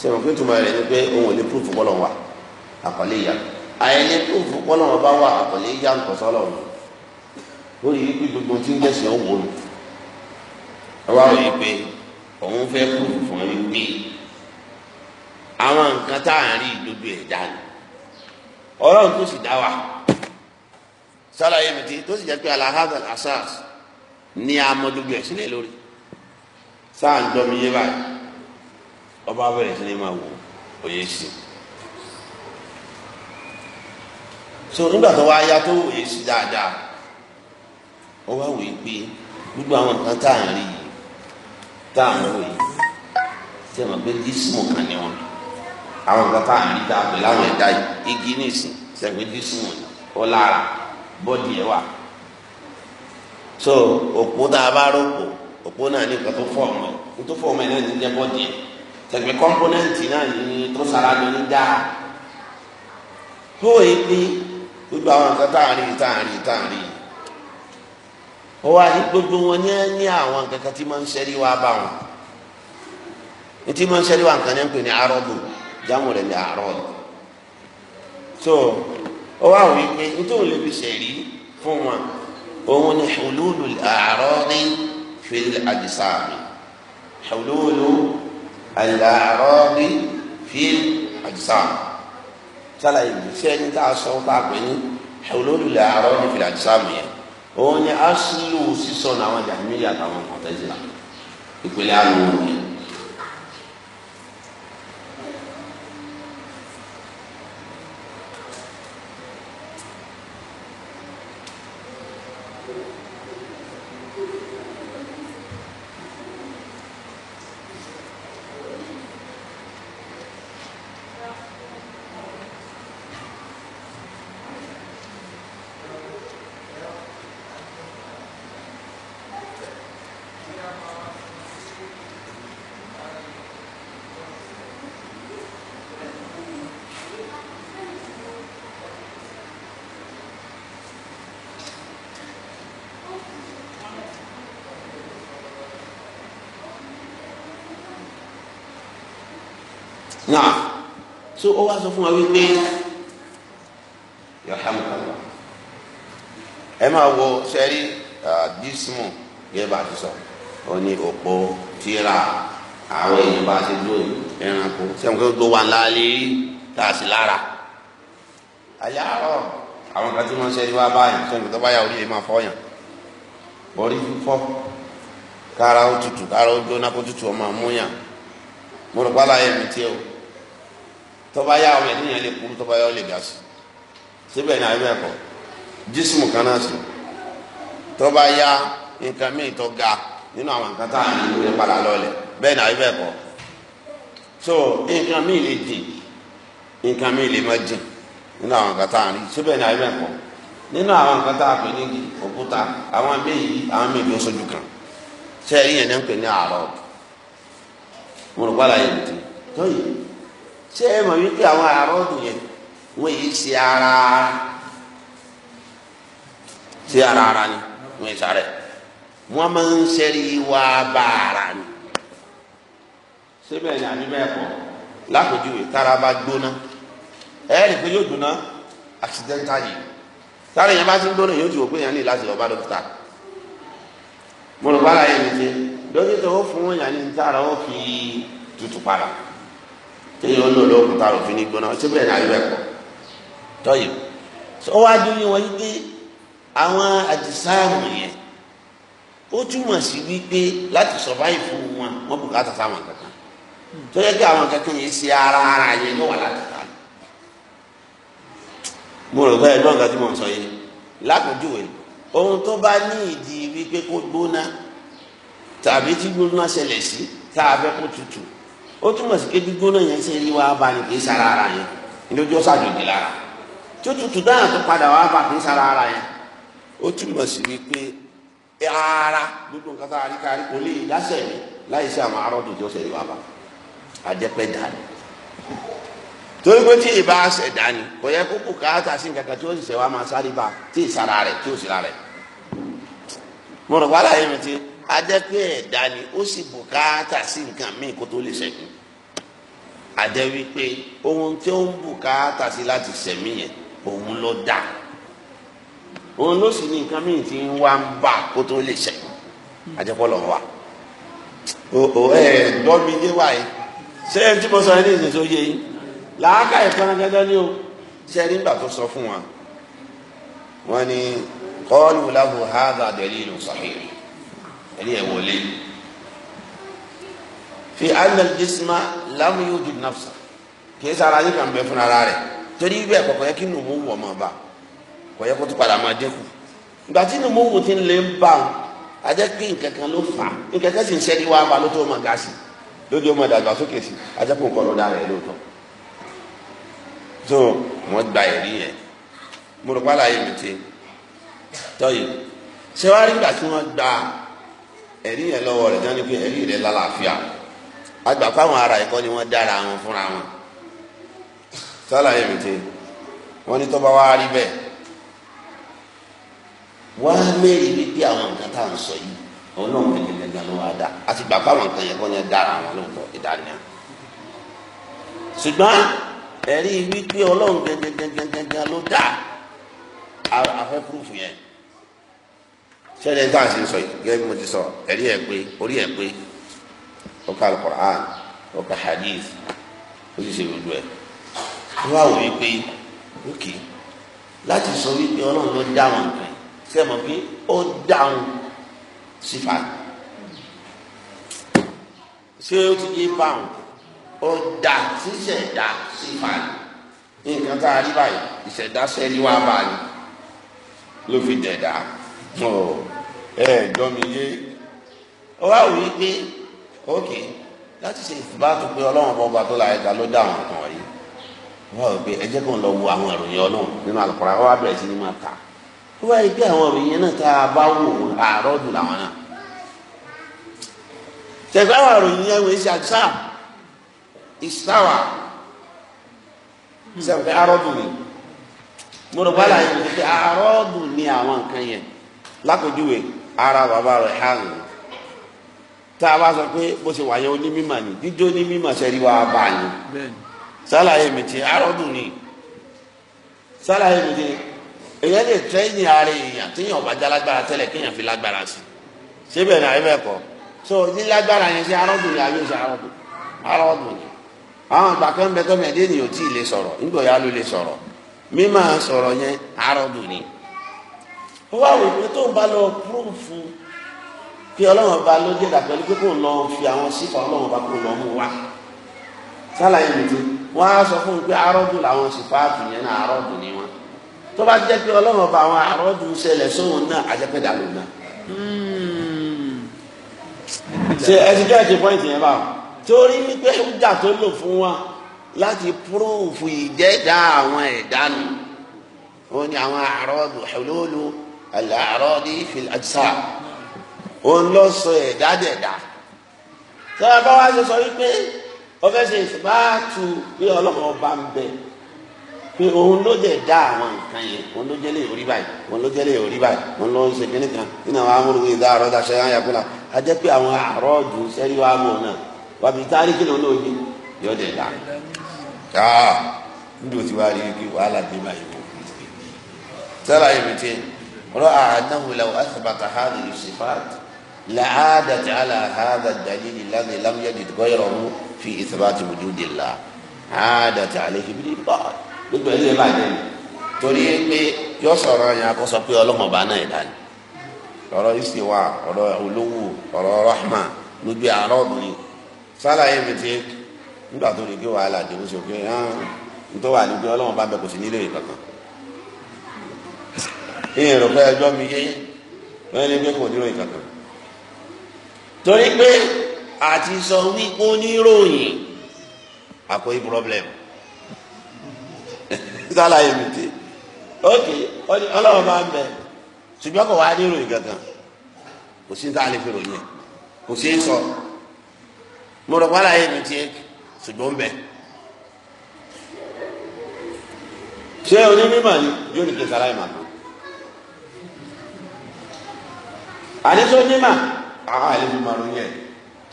sẹ́wọ̀n pé tùmọ̀ rẹ̀ ni pé òun ò ní proof kọ́ lọ́wọ́ àkọlé ìyá àyẹ̀ ní proof kọ́ lọ́wọ́ bá wà àkọlé ìyá nǹkan sọ́lọ́wọ́ ó rí i gbogbo tí ń gbẹ̀sẹ̀ ọ̀wọ́ ni ọwọ́ àwọn yìí pé òun fẹ́ kú fún mi pé àwọn nǹkan tá à ń rí gbogbo ẹ̀ dá ni tó sì dá wa sálàyé mi ti tó sì jẹ́ pé alahazal asas ní amọ̀ gbogbo ẹ̀ sílẹ̀ lórí sáà ń dọ́mi yé báyìí ọba bẹ̀rẹ̀ sí ni máa wò òye sí so nígbà tó wá tó wòye sí dáadáa ó wá wòye pé gbogbo àwọn nǹkan tá à ń rí yìí tá à ń wò yìí tí a mọ̀ pé dísìmù kan ni wọn àwọn nǹkan tá à ń rí tá a pè láwọn ẹ̀dá yìí igi nìsín sẹ́gbẹ́ dísìmù ọ̀lára bọ́ọ̀dì ẹ̀ wà so òpó tá a bá rògbò òpó náà ní nǹkan tó fọ̀ ọmọ ẹ̀ ní tó fọ̀ ọmọ ẹ̀ náà ní jẹ́ bọ́ọ̀dì ẹ̀ sẹ́gbẹ́ kọ́ńpónẹ́ǹtì náà ní tó sara ló ní dáa tó o yẹ pé gbogbo àwọn nǹkan tá à ń rí tá à ń rí tá à ń rí yìí ó wá ní gbogbo wọn ní ní àwọn kankan tí máa ń ṣẹ́rí wá bá wọn ní tí máa ń ṣẹ́rí wá nǹkan ní ń pè ní arọ́dù jámù rẹ̀ ní arọ́dù so ó wá wí pé nítorí lè fi ṣẹ̀rí fún wọn òun ni hululu àárọ́dì fil àdìsáàmì hululu àárọ́dì fil àdìsáàmì sálàyé ṣẹ́ni tá a sọ fún àpè ní hululu àárọ́dì fil àdìsáàmì yẹn. onye ni aslu sísọ náà àwọn jàmíyà àtàwọn mọ̀tẹ́sílà ìpínlẹ̀ àlùwò so ó wá sọ fún wa wípé yàhámù kàlá ẹ máa wo sẹ́rí dísímù gẹ́gẹ́ ti sọ ó ní òpó tíra àwọn èèyàn bá ti dúró ẹranko kí rí tá a sì lára àwọn kan tí ṣe wá báyìí tó bá yà orí máa kára ó tutù kára ó kó tutù ọmọ àmúyàn mo rò mi tọ́ba yá ọmọ ènìyàn lè kú tọ́ba yá ọ lè ga sí síbẹ̀ ní ayé ẹ̀kọ́ jísùmù kan náà sùn tọ́ba ga nínú àwọn nǹkan tá à ń lè padà lọ́lẹ̀ bẹ́ẹ̀ ní ayé ẹ̀kọ́ so nǹkan míì lè dì nǹkan míì lè má dì nínú àwọn nǹkan tá à ń rí síbẹ̀ ní ayé ẹ̀kọ́ nínú àwọn nǹkan tá a pè ní òkúta àwọn kan ṣé ẹ̀rí yẹn ní ń pè mo rò pàlàyé nìtì tó yìí ṣé ẹ mọ̀ wípé àwọn àrọ́dù yẹn wọ́n yìí ṣe ara ṣe ara ara ni wọ́n yìí sáré wọ́n máa ń ṣẹ́rí wá bá ara ni síbẹ̀ ni àbí bẹ́ẹ̀ kọ́ lápèjúwe tára bá gbóná ẹ rí i pé yóò gbóná accidentally tára yẹn bá ti ń gbóná yóò ti wò pé yẹn ní láti lọ bá dókítà mo rò bá ara yẹn mi ṣe dókítà ó fún yẹn ní tára ó fi tutù para kéèyàn ó lò lóògùn tá a rò fi ní gbóná ṣé bẹ́ẹ̀ ni àyè bẹ́ẹ̀ pọ̀ tọ́yìn ó wá dún yín wọ́n yí pé àwọn àdìsáàmù yẹn ó túmọ̀ sí wípé láti survive fún wọn wọn bùkátà sáwọn kankan tó yẹ kí àwọn kankan yìí ṣe ara ara yẹn ló wà láti ta mo rò bẹ́ẹ̀ lọ́nà kan tí mo sọ yìí lápèjúwe ohun tó bá ní ìdí wípé kó gbóná tàbí tí gbóná ṣẹlẹ̀ sí tá a fẹ́ kó tutù ó túmọ̀ sí pé gbígbóná yẹn ṣe rí wàá bá ní kì í sara ara yẹn ìlójú ọ̀sà àjòjì lára tí ó tutù dáhà tó padà wàá bá kì í sara ara yẹn ó túmọ̀ sí wípé ara gbogbo nǹkan tá a rí kárí kò lè yásẹ̀ mi láì sí àwọn arọ́dù tí ó ṣe rí wàá bá àjẹpẹ́ dání torí pé tí ìbá ṣẹ̀ dání kò yẹ kó káàtà sí nǹkan kan tí ó sì ṣe wàá máa sáré bá tí ìsara rẹ̀ tí ó sì ra rẹ̀ mo rò wá láyé mi ti ajẹ́pẹ́ ẹ̀dá ni ó sì bùkátà sí nǹkan míì kó tó lè ṣẹ́gun àjẹ́ wípé ohun tí ó ń bùkátà sí láti ṣẹ̀mí yẹn òun ló dá òun ló sì ní nǹkan míì tí ń wá ń bà kó tó lè ṣẹ́gun ajẹ́pọ̀ lọ́wọ́ o ẹ gbọ́ mi yé wáyé ṣé ẹ tí mo sọ ẹni ìsìn tó yé yín làákà ìfanagẹ́dẹ́ ni o ṣe ẹni gbà tó sọ fún wa wọn ni qalu lahu hadha dalilun sahih. ẹ̀rí ẹ̀ wọlé fi anal jisma lamu yóò di nafsa kì í sara yín kan bẹ fún ara rẹ torí bẹ́ẹ̀ kọ̀kọ́ yẹ kí nùmú wọ̀ mọ̀ bá kọ̀ yẹ kó tó padà máa dínkù ìgbà tí nùmú wò ti lé ń bá wọn ajẹ́ ló fà á sì ń sẹ́ni wá ba ló tó máa ga sí lóde ó máa dàgbà sókè sí ajẹ́ pé nǹkan ọ̀dà rẹ̀ lóòótọ́ so wọ́n gba ẹ̀rí yẹn mo rò pálá yẹn mi ti tí wọ́n gba ẹ̀rí yẹn lọ́wọ́ rẹ̀ dání pé ẹ̀rí rẹ̀ lálàáfíà àgbà fáwọn ará ẹ̀kọ́ ni wọ́n dára wọn fúnra wọn sálàyé mi ti wọ́n ní tọ́ba wá rí bẹ́ẹ̀ wọ́n á mẹ́rin wípé àwọn nǹkan tá à ń sọ yìí òun náà mọ̀ nígbà gan ló wá dá àti gbà fáwọn nǹkan yẹn kọ́ yẹn dára wọn lóòótọ́ ìdánilẹ́ ṣùgbọ́n ẹ̀rí wípé ọlọ́run gẹ́gẹ́gẹ́gẹ́gẹ́ ló dá afẹ́ púrúfù yẹn sẹ́ni tá à ń ṣe sọ yìí gẹ́gẹ́ bí mo ti sọ ẹ̀rí ẹ̀ pé orí ẹ̀ pé ó ka alukur'an ó ka hadith ó sì ṣe gbogbo ẹ̀ ó wá wò wípé ókè láti sọ wípé ọlọ́run ló dáhùn nǹkan ṣe mọ̀ pé ó dáhùn sífà ṣé ó ti yé báwọn ó dá ṣíṣẹ̀dá sífà nǹkan tá a rí báyìí ìṣẹ̀dá sẹ́ni wá báyìí ló fi dẹ̀dá. Oh ẹ gbọ́ mi yé ó wá wí pé ókè láti ṣe ìfúbátò pé ọlọ́run ọba tó la ẹ̀ka ló dá àwọn kan wáyé wọ́n rò pé ẹ jẹ́ kó ń lọ wo àwọn ìròyìn ọlọ́run nínú àlùkòrá wọ́n á bẹ̀rẹ̀ sí ní máa kà ó wá rí pé àwọn ìròyìn náà tá a bá wò wọ́n àárọ̀ dùn làwọn náà tẹ̀gbẹ́ àwọn ìròyìn yẹn wọ́n ṣe àṣà ìṣàwà sẹ́wọ̀n pé àárọ̀dùn ni mo rò pé àlàyé mi pé àárọ̀dùn ni àwọn nǹkan yẹn lákòjúwe ara bàbá rẹ̀ hàrùn tá a bá sọ pé bó ṣe wà yẹn onímọ̀ ni jíjó ní mímọ̀ sẹ́rí wa bá sálàyé mi ti arọ́dún ni sálàyé mi ti èyàn lè tẹ́yìn ara èèyàn téèyàn bá já lágbára tẹ́lẹ̀ kéèyàn fi lágbára sí ṣé bẹ́ẹ̀ ni àyè bẹ́ẹ̀ kọ́ so nílágbára yẹn ṣe ni àyè ṣe ni àwọn àgbà kan bẹ ò tí ì lè sọ̀rọ̀ nígbà yà ló lè sọ̀rọ̀ sọ̀rọ̀ yẹn ó wá wò pé tó ń bá lọ púrúfù pé ọlọ́run ọba ló dé dàgbẹ́ pé kò lọ fi àwọn sífà ọlọ́run ọba kò lọ mú wa sálàyé mi ti wọ́n á sọ fún mi pé arọ́dún làwọn sífà àbùyẹn náà arọ́dún ni wọn tó bá jẹ́ pé ọlọ́run ọba àwọn arọ́dún ṣẹlẹ̀ sóhun náà àjẹpẹ́dà ló náà hmm. ṣe ẹsìkẹ́ ẹ̀ṣẹ̀ pọ́ìntì yẹn báwọn torí wípé ìjà tó lò fún wa láti púrúfù ìjẹ́dá àwọn ẹ̀dánù ó ní àwọn àrọ́dún hululu al-a'radi fil ajsam òun ló sọ ẹ̀dá dẹ̀dá sọ́dọ̀ bá wá ṣe sọ wípé ọfẹ́ ṣe ìsìbáàtú pé ọlọ́run ọba ń bẹ pé òun ló dẹ̀ dá àwọn nǹkan yẹn òun ló jẹ́lé orí báyìí òun ló jẹ́lé orí báyìí òun ló ń ṣe kíní kan nínú àwọn amúrúgbìn ìdá àrọ́ daṣẹ́ yẹn ayakúlá pé àwọn àrọ́ jù sẹ́rí wa mọ̀ náà wàbí táríkì náà ló yẹ yọ dẹ̀ dá níbi òtí wa rí i wàhálà dé báyìí wò sẹ́lá yẹn mi رأى أنه لو أثبت هذه الصفات لعادت على هذا الدليل الذي لم يجد غيره في إثبات وجود الله عادت عليه بالإبطال gbogbo ẹni bá dé torí pé yọ sọ̀rọ̀ yẹn akọ́sọ pé ọlọ́mọ bá náà dání ọ̀rọ̀ ìsìnwá ọ̀rọ̀ olówó ọ̀rọ̀ rahma gbogbo àárọ̀ mi sálàyé mi ti nígbà tó rí pé wàhálà dé oṣù pé nítorí wà ní pé ọlọ́mọ bẹ kò sí nílé ìkankan ìyẹn rò pé ẹjọ́ mi yé wọ́n ní pé kò níròyìn kankan torí pé àti sọ wípé oníròyìn àkóyí problem sálàyé mi ti ok ọlọ́run máa ń bẹ ṣùgbọ́n kò wá níròyìn kankan kò sí tá a lè fi ròyìn ẹ̀ kò sí sọ mo rò pé àlàyé mi ti ṣùgbọ́n bẹ́ẹ̀. ṣé onímọ̀ ni yóò ní kí n máa tó. àdéṣọ nímà àwọn àlejò máa ròyìn ẹ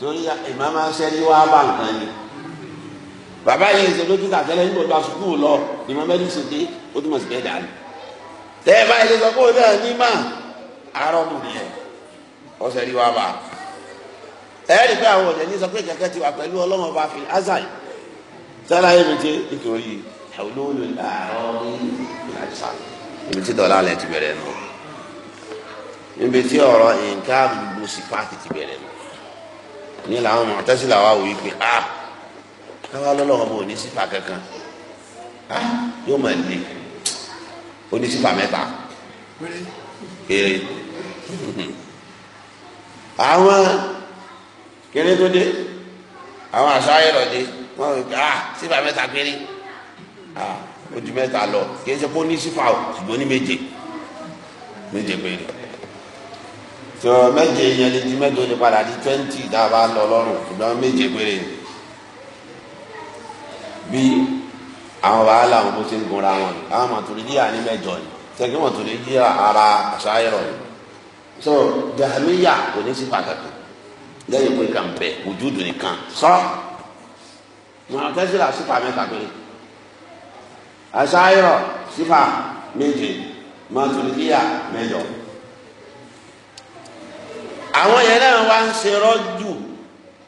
torí ìmọ̀ máa ń sẹ́ni wá bá nǹkan ni bàbá yìí ṣe lójú kàtẹ́lẹ́ nígbà tó a sùkúù lọ ìmọ̀ mẹ́dísì dé ó túmọ̀ sí bẹ́ẹ̀ dàlú tẹ́ ẹ bá ilé sọ pé òun náà nímà arọ́bù nìyẹn ọ̀sẹ̀ rí wá bá ẹ rí pé àwọn ọ̀dẹ̀ ní sọ pé ti wà pẹ̀lú ọlọ́mọ bá fi mi ti ti ti níbi tí ọ̀rọ̀ nǹkan gbogbo sí pàtì ti bẹ̀rẹ̀ nù ní làwọn ọmọ tẹ́sí làwọn àwòrán yìí pé a ah, káwá lọ́lọ́wọ́ bò ní sípà kankan a ah, yóò máa le oní sípà mẹ́ta kéré àwọn kéré tó dé àwọn àṣà ayọ̀rọ̀ dé wọ́n rò pé a ah, sípà mẹ́ta péré a ojú mẹ́ta lọ kí ẹ ṣe kó ní sípà ṣùgbọ́n ní méje méje péré tó méje yẹn lè di mẹ́jọ lè padà di twenty dábàá lọ lọ́rùn ṣùgbọ́n méje péré ni bí àwọn wàhálà wọn bó ṣe ń gunra wọn àwọn màtúrídíà ní mẹ́jọ ni tẹ̀kí màtúrídíà ara àṣàyẹ̀rọ̀ ni so jahamiya kò ní sí pàtàkì lẹ́yìn pé kàn bẹ̀ ojúdù nìkan sọ wọn tẹ́sílà sífà mẹ́ta péré àṣàyẹ̀rọ̀ sífà méje màtúrídíà mẹ́jọ àwọn yẹn náà wá ń ṣe rọ́jù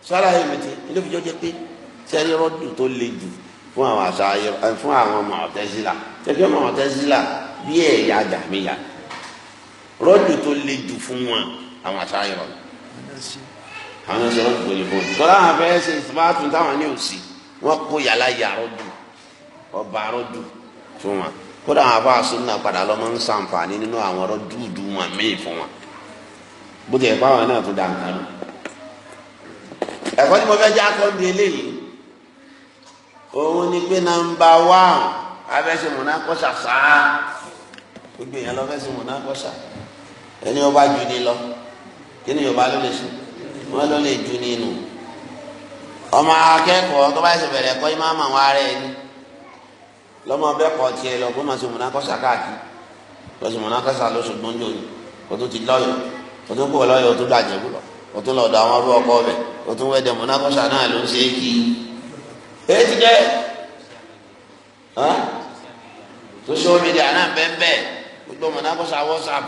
sára ìmìtì ilé ìfijọ́ jẹ́ pé sẹ́rí rọ́jù tó le jù fún àwọn àṣà fún àwọn mọ̀ọ́tẹ́sílà tẹ́gbẹ́ mọ̀ọ́tẹ́sílà bí ẹ̀yà àjàmíyà rọ́jù tó le jù fún wọn àwọn àṣà ìrọ̀ àwọn ẹ̀ṣẹ̀ rọ́jù tó le fún wọn. sọlá àwọn afẹ́ ṣe ìfipáàtún táwọn ní òsì wọn kó yàrá yàrá rọ́jù ọba rọ́jù fún wọn kódà àwọn afọ àṣùnà padà lọ́mọ ń bó ti ẹ̀ pa àwọn náà tó da nǹkan lọ. ẹ̀kọ́ tí mo fẹ́ jẹ́ akọ́ndé eléyìí òun ni pé nàmbà wá abẹ́sẹ̀ mọ̀nàkọ́sà sáá gbogbo èèyàn lọ fẹ́ sí mọ̀nàkọ́sà ẹni ọba jù ní lọ kí ni Yorùbá ló lè sùn wọn ló lè jù nínú ọmọ akẹ́kọ̀ọ́ tó bá ṣe bẹ̀rẹ̀ ẹ̀kọ́ yìí máa mọ̀ wọn ara ẹni lọ́mọ bẹ́ẹ̀ kọ́ tiẹ̀ lọ bó máa ṣe mọ̀nàkọ́sà káàkiri lọ́sùn mọ̀nàkọ́sà lọ́sùn gbọ́njọ́ ni kó tó ti lọ́yọ̀ọ́ o tún kó lọ́yọ̀ o tún dàjẹ́ bú lọ o tún lọ́dọ̀ àwọn ọdún ọkọ ọbẹ̀ o tún wẹ́ dẹ̀mọ́ náà kọ́sà náà ló ń ṣe é kí èyí ti jẹ́ social media náà bẹ́ẹ̀ bẹ́ẹ̀ gbogbo ọmọ náà kọ́sà whatsapp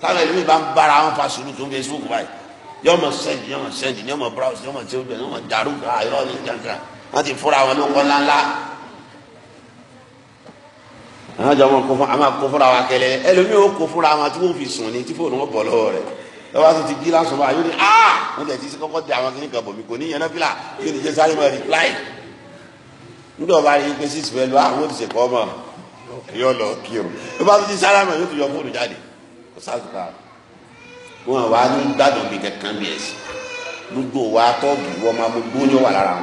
táwọn ẹlòmí bá ń bára wọn fa sùúrù tó facebook báyìí yọ ọmọ send yọ ọmọ send yọ ọmọ browse yọ ọmọ tí ó bẹ̀ yọ ọmọ dàrú ayọ́ ní kankan wọ́n ti fúra wọn ló ńláńlá àwọn àjọ ọmọ kó fún àwọn akó fúnra wa kẹlẹ ẹlòmíì ó kó fúnra wọn tí wọn fi sùn ní tí fóònù wọn bọ lọ́wọ́ rẹ̀ lọ́wọ́ àti ti jí lásán bá yóò ní a ah! wọ́n tẹ̀ ti sí kọ́kọ́ di àwọn kìnnìkan bọ̀ mí kò ní yẹn náà fìlà yóò ní jẹ́ sáré mọ́ rìpláì nígbà wọn bá rí pé sísè pẹ̀lú àwọn ah, ti sèkọ́ ọmọ yọ lọ kí o ló bá ti sáré mọ́ yóò tún yọ fóònù jáde kò sáàtù ká wọn wá ní gbàdùn mi kankan bí ẹsẹ gbogbo wa tọ́ọ̀gì wọn máa gbogbo ní wà lára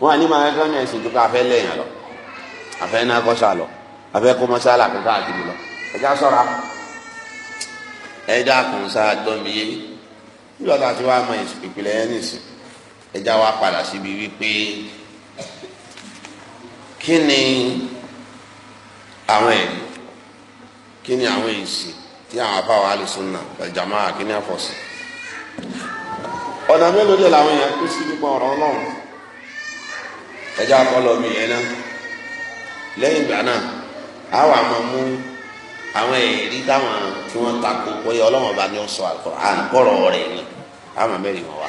wọn àní máa kankan bí ẹsẹ tó ká afẹ́ lẹ́yìn àlọ́ afẹ́ náà kọ́ sálọ afẹ́ kó mọ́ṣálà kó káàkiri lọ ẹja sọ́ra ẹja kùn sáà gbọ́mìyé nígbà tá ti wá mọ ìpìlẹ̀ yẹn nìsín ẹja wa padà síbi wípé kí ni àwọn ẹ̀rí kí ni àwọn èsì tí àwọn afáwọn alùsùnà ìjàmá kí ni àfọ̀sí ọ̀nà mélòó dé làwọn èèyàn kú sí nípa ọ̀rọ̀ ọlọ́run ẹja kọ́ mi yẹn náà lẹ́yìn ìgbà náà àwọn àmọ́ mú àwọn ẹ̀rí táwọn tí wọ́n takò bóyá ọlọ́wọ́n bá ní ọ sọ Al-Qur'an àgbọ̀rọ̀ rẹ̀ ni àmọ́ mẹ́rin wọn wá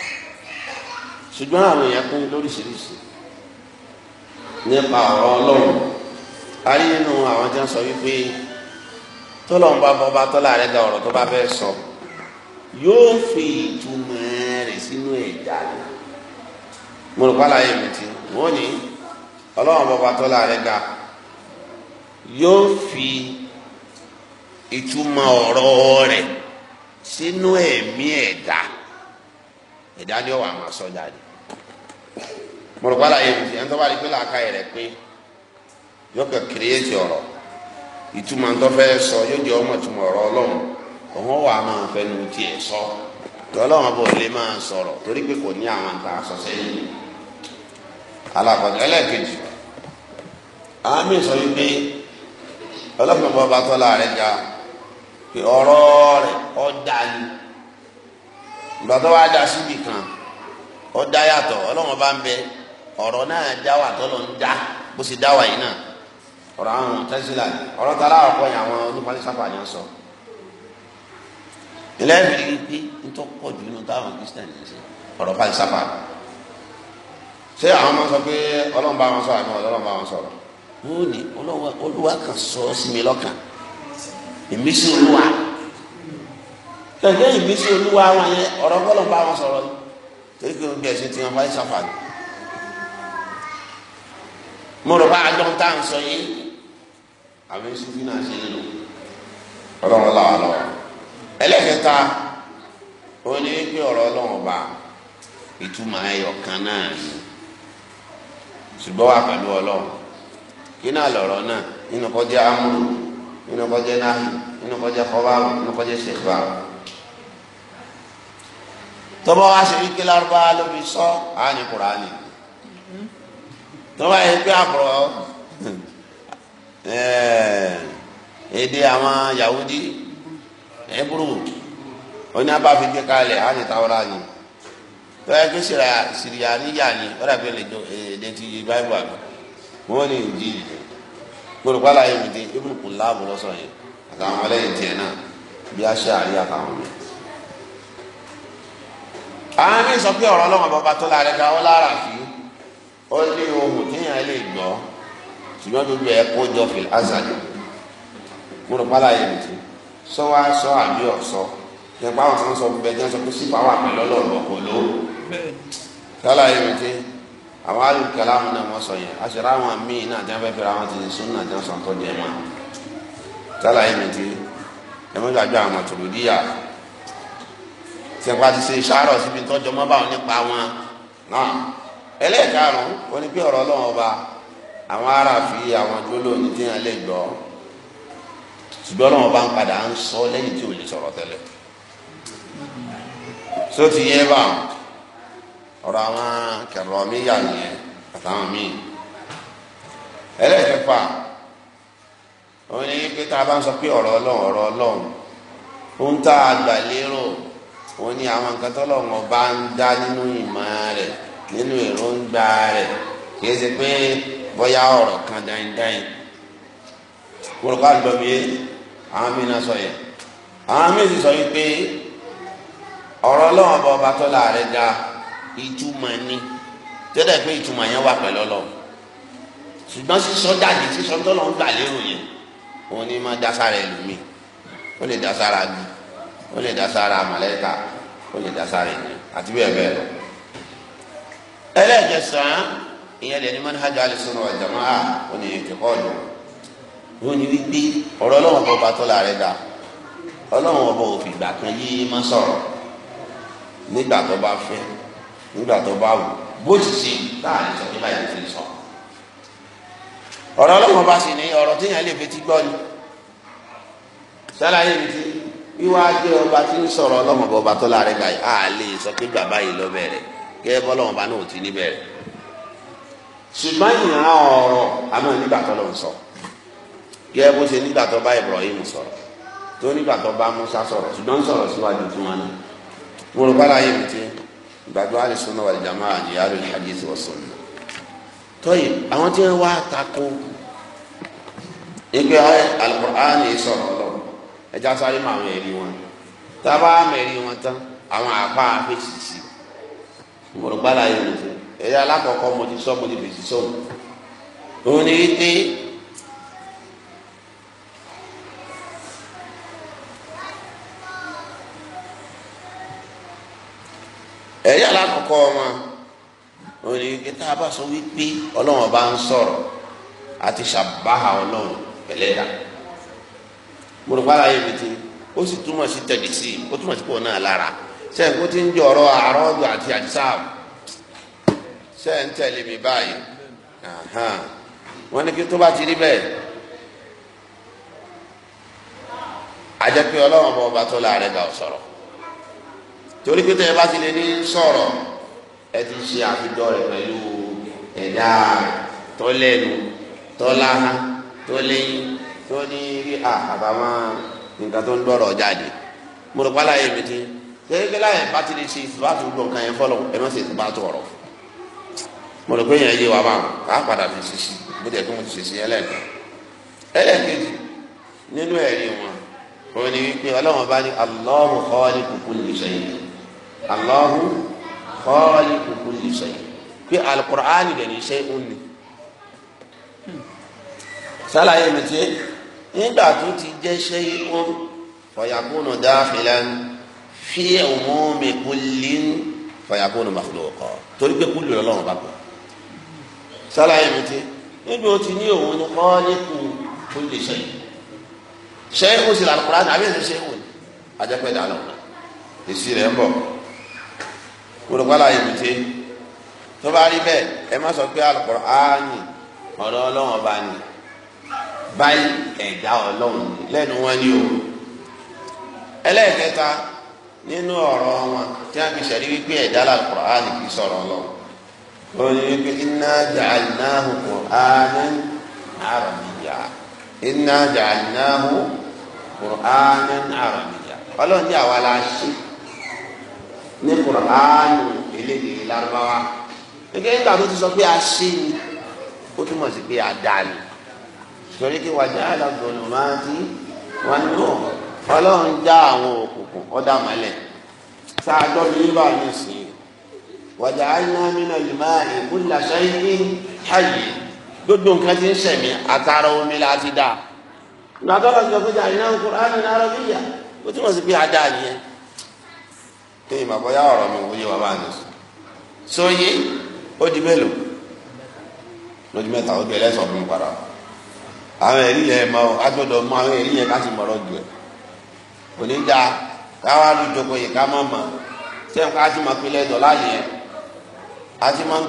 ṣùgbọ́n àwọn èèyàn pín lóríṣiríṣi nípa ọ̀rọ̀ ọlọ́run a rí nínú àwọn tí wọ́n sọ wípé tọ́lọ́run bá bọ́ bá tọ́lá rẹ̀ ga ọ̀rọ̀ tó bá fẹ́ sọ yóò fi ìtumọ̀ rẹ̀ sínú ẹ̀dá rẹ̀ mo rò pálá yẹn mi ti wọ́n ní ọlọ́run bọ́ bá tọ́lá rẹ̀ ga yóò fi ìtumọ̀ ọ̀rọ̀ rẹ̀ sínú ẹ̀mí ẹ̀dá ẹ̀dá ni ó wà máa sọ jáde mo rò pàdé ayélujára ẹni tó bá rí pé làákà rẹ̀ pé yóò kẹ́ kírẹ́ẹ̀tì ọ̀rọ̀ ìtumọ̀ tó fẹ́ sọ yóò jẹ́ ọmọ ìtumọ̀ ọ̀rọ̀ ọlọ́run òun wà máa fẹnu tiẹ̀ sọ tọ́lọ́wọ́n bò lè máa sọ̀rọ̀ torí pé kò ní àwọn nǹkan àṣọ sẹ́yìn alákọ̀ọ́dọ̀ ẹlẹ́ẹ̀kejì àmì sọ wípé ọlọ́pàá bọ́ bá tọ́lá rẹ̀ ga pé ọ̀rọ̀ rẹ̀ ọ̀dà ni ìgbà tó wàá da síbi kan ọ̀dà yàtọ̀ ọlọ́wọ́n bá ń bẹ ọ̀rọ̀ náà dá wà tọ́lọ̀ ń dá bó ṣe dá wà yìí náà ọ̀rọ̀ àwọn tẹ́sílà ọ̀rọ̀ tara ọ̀pọ̀ yẹn àwọn onípalẹ́sàpà yẹn sọ ilé ẹ̀rí rí pé nítorí pọ̀ jù nínú táwọn kristian yẹn ṣe ọ̀rọ̀ palẹ́sàpà ṣé àwọn máa sọ pé ọlọ́run bá wọn sọ̀rọ̀ àbí ọlọ́run bá wọn sọ̀rọ̀ wọ́n ò ní olúwa kan sọ ọ́ sí mi lọ́kàn ìmísí olúwa kẹ̀kẹ́ ìmísí olúwa wọn yẹn ọ̀rọ̀ bọ́lọ̀ bá wọn sọ̀rọ̀ torí pé bí ẹ̀sìn tí wọn bá ṣàfà ní. mo rò bá àjọ tá à ń sọ yìí àmì sùfin náà ṣe nílò ọlọ́run làwọn lọ ẹlẹ́kẹta ó ní pé ọ̀rọ̀ ọlọ́run ọba ìtumọ̀ ẹyọ kan náà ni wà pẹ̀lú ọlọ́run iná lọ̀rọ̀ náà nínú kọjá amúlù nínú kọjá náà nínú kọjá kọbáwò nínú kọjá sèkbáwò. tọ́ba wa ṣe ike lárúbá ló fi sọ àánì kùránì tọ́ba yẹn gbé àkùrọ̀ èdè àwọn yahudi eburu oní abá fi gbé kalẹ̀ àánì táwọn àánì tọ́ba yẹn gbé sìrìyà níyà ni ọ̀dà pé lè do èdè ti báyìí wà lọ wọ́n ní ìdí gbọ́dọ̀ pàlà yẹn mìtì ibùdó kù láàbù lọ́sọ̀ yẹn àtàwọn ọlẹ́yìn tiẹ̀ náà bí aṣọ àríyá àtàwọn mi. àwọn mi sọ pé ọ̀rọ̀ ọlọ́wọ́n bàbá tó lára ga ó lára fi ó ní ohun téèyàn lè gbọ́ ṣùgbọ́n gbogbo ẹ̀ kó jọ fìlà azàlẹ̀ gbọ́dọ̀ pàlà yẹn mìtì sọ wá sọ àbí ọ̀sọ́ yẹn pa àwọn sọ sọ bẹ́ẹ̀ sọ pé sípò àpẹẹrẹ ọlọ́run ọ̀pọ̀ ló àwọn alùkàlámù náà wọ́n sọ yẹn àṣìrá àwọn míì náà jẹ́ fẹ́fẹ́ àwọn ti sún náà jẹ́ sọ tó jẹ́ mọ́ tálà yìí mi ti ẹ mọ́ gbàgbé àwọn mọ̀tòlódìyà tẹ̀pá ti ṣe ìṣàrọ̀ síbi tọ́jọ́ mọ́ báwọn nípa wọn náà ẹlẹ́ẹ̀karùn-ún ó ní pé ọ̀rọ̀ ọlọ́run ọba àwọn ará fi àwọn gbólóhùn tí wọ́n lè gbọ́ ṣùgbọ́n ọlọ́run ọba ń padà ń sọ lẹ́yìn tí ò lè sọ̀rọ̀ tẹ́lẹ̀ só ti yẹ báwọn ọ̀rọ̀ àwọn kẹrọ míyà nìyẹn àtàwọn míì ẹlẹ́ẹ̀kẹfà òun ni pé tá a bá ń sọ pé ọ̀rọ̀ ọlọ́run ọ̀rọ̀ ọlọ́run ohun tá a gbà lérò òun ni àwọn nǹkan tọ́lọ́run ọba ń dá nínú ìmọ̀ rẹ̀ nínú èròǹgbà rẹ̀ kì í ṣe pé bóyá ọ̀rọ̀ kan dáindáin mo rò ká gbọ́ mi yé àwọn míì náà sọ yẹn àwọn míì sì sọ yìí pé ọ̀rọ̀ ọlọ́run ọba ọba tọ́lá rẹ̀ dáa ìtumọ̀ ni tẹ́lẹ̀ pé ìtumọ̀ yẹn wà pẹ̀lú ọlọ́run ṣùgbọ́n sísọ jáde sísọ tọ́lọ́ ń gbà lérò yẹn òun ni máa dására ẹlòmíì ó lè dására bí ó lè dására màlẹ́ta ó lè dására ènìyàn àti bẹ́ẹ̀ bẹ́ẹ̀ lọ. ẹlẹ́ẹ̀kẹsàn-án ìyẹn lẹ́ni manhaj al-sunna wal jamaa ó ní ètò kọ́ọ̀dù ó ní wípé ọ̀rọ̀ ọlọ́run bọ̀ bá tọ́lá rẹ̀ dá ọlọ́run ọba òfìgbà kan yí má sọ̀rọ̀ nígbà tó bá fẹ́ nígbà tó bá wù bó ti ṣe láàrin sọ nígbà yìí fi sọ. ọ̀rọ̀ ọlọ́run bá sì ní ọ̀rọ̀ téèyàn lè fetí gbọ́ ni sálàyé mi ti wíwá jẹ́ ọba tí ń sọ̀rọ̀ ọlọ́run bá ọba tó láre báyìí a lè sọ pé bàbá yìí lọ bẹ̀rẹ̀ gẹ́gẹ́ bọ́lọ́run bá náà ti ní ṣùgbọ́n ìran ọ̀rọ̀ àmọ́ nígbà tó lọ́run sọ gẹ́gẹ́ bó ṣe nígbà tó bá Ibrahim sọ̀rọ̀ tó nígbà tó bá Musa sọ̀rọ̀ ṣùgbọ́n sọ̀rọ̀ síwájú tí wọ́n ní mo rò bá láyé mi ti ìgbàgbọ́ àlùsùnà wal jamaa ni ahlul hadith wa sunna tọ́yì àwọn tí wọ́n wá tako ìgbé alukur'an yìí sọ̀rọ̀ lọ ẹja sáré mọ àwọn ẹ̀rí wọn tábà mẹ́rin wọn tán àwọn àpá fèsì sí i ìmọ̀lùgbàlà yìí ló alákọ̀ọ́kọ́ mo ti sọ mo ti fèsì sọ̀rọ̀ òun ni wípé. ẹ̀rí alákọ̀ọ́kọ́ wọn òní kíkẹ́ a bá sọ wípé ọlọ́run bá ń sọ̀rọ̀ àti ṣàbáhà ọlọ́run pẹ̀lẹ́dà mùrùpàlà yẹn mi ti ó sì túmọ̀ sí tẹ̀lé sí i ó túmọ̀ sí pọ̀ náà lára sẹ́yìn kó ti ń jọ ọ̀rọ̀ àti àdìsáàbù sẹ́yìn tẹ̀lé mi báyìí wọ́n ní kí tó bá ti rí bẹ́ẹ̀ àjẹpẹ́ ọlọ́run ọba tó láàrẹ̀ gà ọ̀ sọ̀rọ̀ torí pé tẹ́lẹ̀ bá ti lè ní sọ̀rọ̀ ẹ ti ṣe àfijọ́ rẹ̀ pẹ̀lú ẹ̀dá tọ́lẹ́nu tọ́láha tọ́lẹ́yìn tó ní rí àbámọ́ nǹkan tó ń dọ̀rọ̀ jáde mo rò pálá yẹn mi ti tẹ́lẹ̀ láyé bá ti lè ṣe ìfúbátò gbọ̀n kan yẹn fọlọ́ ẹ má ṣe ìfúbátò ọ̀rọ̀ mo rò pé yẹn yé wa bá wọn kà á padà fi ṣe sí bó tẹ̀ kí mo ti ṣe sí ẹlẹ́ẹ̀kan ẹlẹ́ẹ̀kejì nínú ẹ̀rí wọn òun ni wípé ọlọ́run bá ní Allahu khaliqu kulli shay'in Allahu khaliqu kulli shay pé alukur'ani dẹ̀ ní iṣẹ́ òun ni sálàyé mi tiẹ̀ nígbà tó ti jẹ́ iṣẹ́ ìwọ fọyàkùnù dáfìlán fi umumi kulli fọyàkùnù makhluqa torí pé kulli lọ́lọ́run bá pọ̀ sálàyé mi tiẹ̀ níbi o ti ní òun ni khaliqu kulli shay sẹ́yìn ó sì làlùkùránì àbí ẹ̀sìn sẹ́yìn ó ní ajẹ́pẹ́ dàlọ́ èsì rẹ̀ ń bọ̀ olùkọ́lá yìí mi ti tó bá rí bẹ́ẹ̀ ẹ má sọ pé Al-Kùránì ọ̀rọ̀ ọlọ́run ọba ni báyìí ẹ̀dá ọlọ́run lẹ́nu wọn ni o ẹlẹ́ẹ̀kẹta nínú ọ̀rọ̀ wọn tí a fi ṣẹ̀rí wípé ẹ̀dá Al-Kùránì kì í sọ̀rọ̀ ọlọ́run ó ní wípé inna ja'alnahu Qur'anan Arabiyya inna ja'alnahu Qur'anan Arabiyya ọlọ́run ní àwa la ṣe ní kùránù eléyìí lárúbáwá gẹ́gẹ́ nígbà tó ti sọ pé a ṣe ni ó túmọ̀ sí pé a dà ní torí kí wàjà àdàgbọ̀nù máa ti wọn ní ọ̀ ọlọ́run já àwọn òkùnkùn ọ̀dà mọ́lẹ̀ tá a gbọ́ mi nígbà mi sí i wàjà ánámínà yìí ìkúlẹ̀ ṣáyé háyé gbogbo nǹkan ti ń ṣẹ̀mí àtàrà omi la ti dà. ìgbà tó lọ sí ọkùnrin àyìnlá ń kúrò ánìyàn arábíyà ó sí pé a dà nìyẹn. èyí m'a bọ́yá ọ̀rọ̀ mi wòye wà báyìí sóyè ó di mélòó lójú mẹ́ta ó di ẹlẹ́sọ̀ fún mi padà àwọn ẹ̀rí yẹn mọ agbọ́dọ̀ mọ àwọn ẹ̀rí yẹn káṣí mọ̀rọ̀ jù ẹ̀ onídà káwá lu joko yìí ká má mọ̀ sẹ́yìn káṣí mọ̀ pínlẹ̀ dọ̀lá yẹn àti mọ̀ ń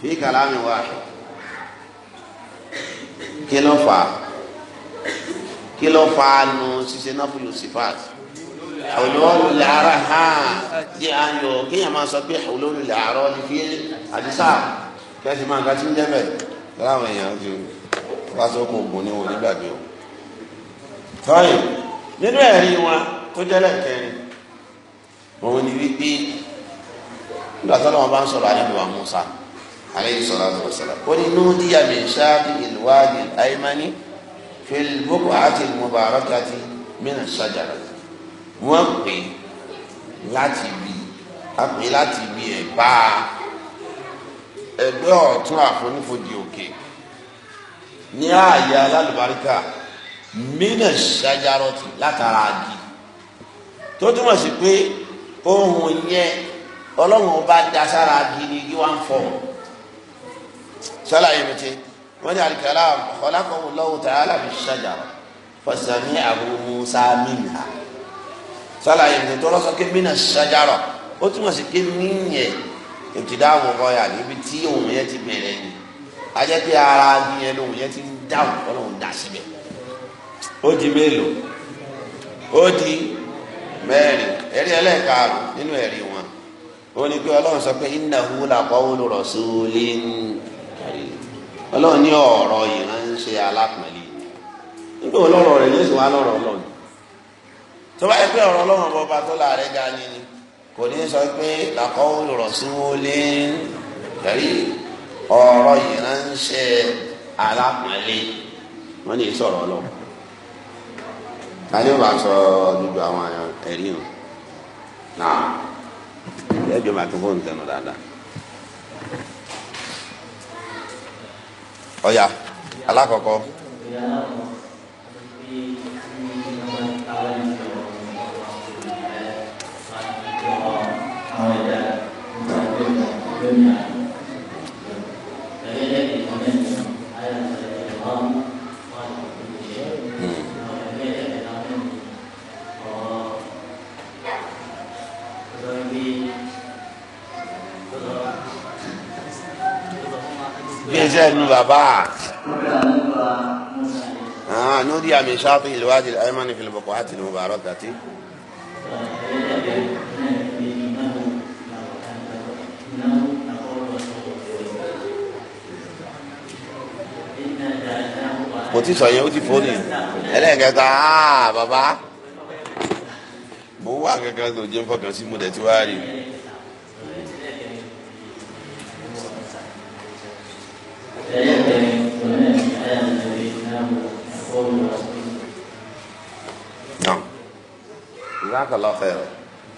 fi kí ló fa nu ṣíṣe náà fún yosifat olórí làárọ̀ hàn jẹ́ ayọ̀ kéèyàn máa sọ pé olórí làárọ̀ ni fi àdìsá kẹ́sì máa ń gàtí ń jẹ́ bẹ́ẹ̀ láwọn èèyàn fi lásìkò ògùn ní wọn nígbàgbé o. tọ́yìn nínú ẹ̀rí wọn tó jẹ́lẹ̀ kẹrin òun ni wípé nígbà tó lọ́wọ́ bá ń sọ̀rọ̀ àyẹ̀wò àmúṣà alayhi salatu wassalam ó ní inú díyàmẹ̀ ṣáàbì ìlúwádìí àyèmání. في البقعة المباركة من الشجرة wọ́n pè láti bí a pè láti bí ẹ̀bá ẹ̀gbẹ́ ọ̀tún àfonífojì òkè ní ààyè alálùbáríkà mínà ṣájárọ̀tì látara agi tó túmọ̀ sí pé ohun yẹn ọlọ́run ọba da sára agi ni igi wá ń fọ̀ ṣálàyé mi ti wọ́n ní al-kalam khalaqahu Allahu ta'ala bish-shajara fasami'ahu Musa minha sálàyé ní tọ́lọ́ sọ pé mina ash-shajara ó túmọ̀ sí pé míyẹ ètùdá àwọn ọmọ yà níbi tí òun yẹn ti bẹ̀rẹ̀ ni ajẹ́ pé ara yẹn lòun yẹn ti ń dáhùn ọlọ́run dà síbẹ̀ ó di mélòó ó di mẹ́rin ẹ̀rí ẹlẹ́ẹ̀kaàrún nínú ẹ̀rí wọn ó ní pé ọlọ́run sọ pé innahu laqawlu rasulin ọlọ́run ní ọ̀rọ̀ ìránṣẹ́ alápẹ̀lẹ̀ nígbà wo lọ́rọ̀ rẹ̀ yéṣu wa lọ́rọ̀ ọlọ́run tó bá yẹ pé ọ̀rọ̀ ọlọ́run bọba tó la rẹ̀ ga ni ni kò ní sọ pé làkọ́wọ́ lọ̀rọ̀ sí wọn lé kẹrí ọ̀rọ̀ ìránṣẹ́ alápẹ̀lẹ̀ wọ́n ní sọ̀rọ̀ ọlọ́run tani ó bá sọ gbogbo àwọn ẹ̀rí hàn náà ẹ̀jọ̀ máa tó fóònù tẹnu dáadáa. ọ̀yà alákọ̀ọ́kọ́. Yeah. iṣẹ́ nu bàbá. nudi àmì ṣáàtì ìlúwájú ayémánu filibọ̀kọ̀ àti ìlú bàárọ̀ kàtí. kò tí sọ yẹn ó ti fóònù ẹlẹ́ẹ̀kẹta ah, bàbá mo wà kankan tó jẹ́ fọkàn sí mo dẹ̀ ti wá rí i. kàlá fẹ́rẹ̀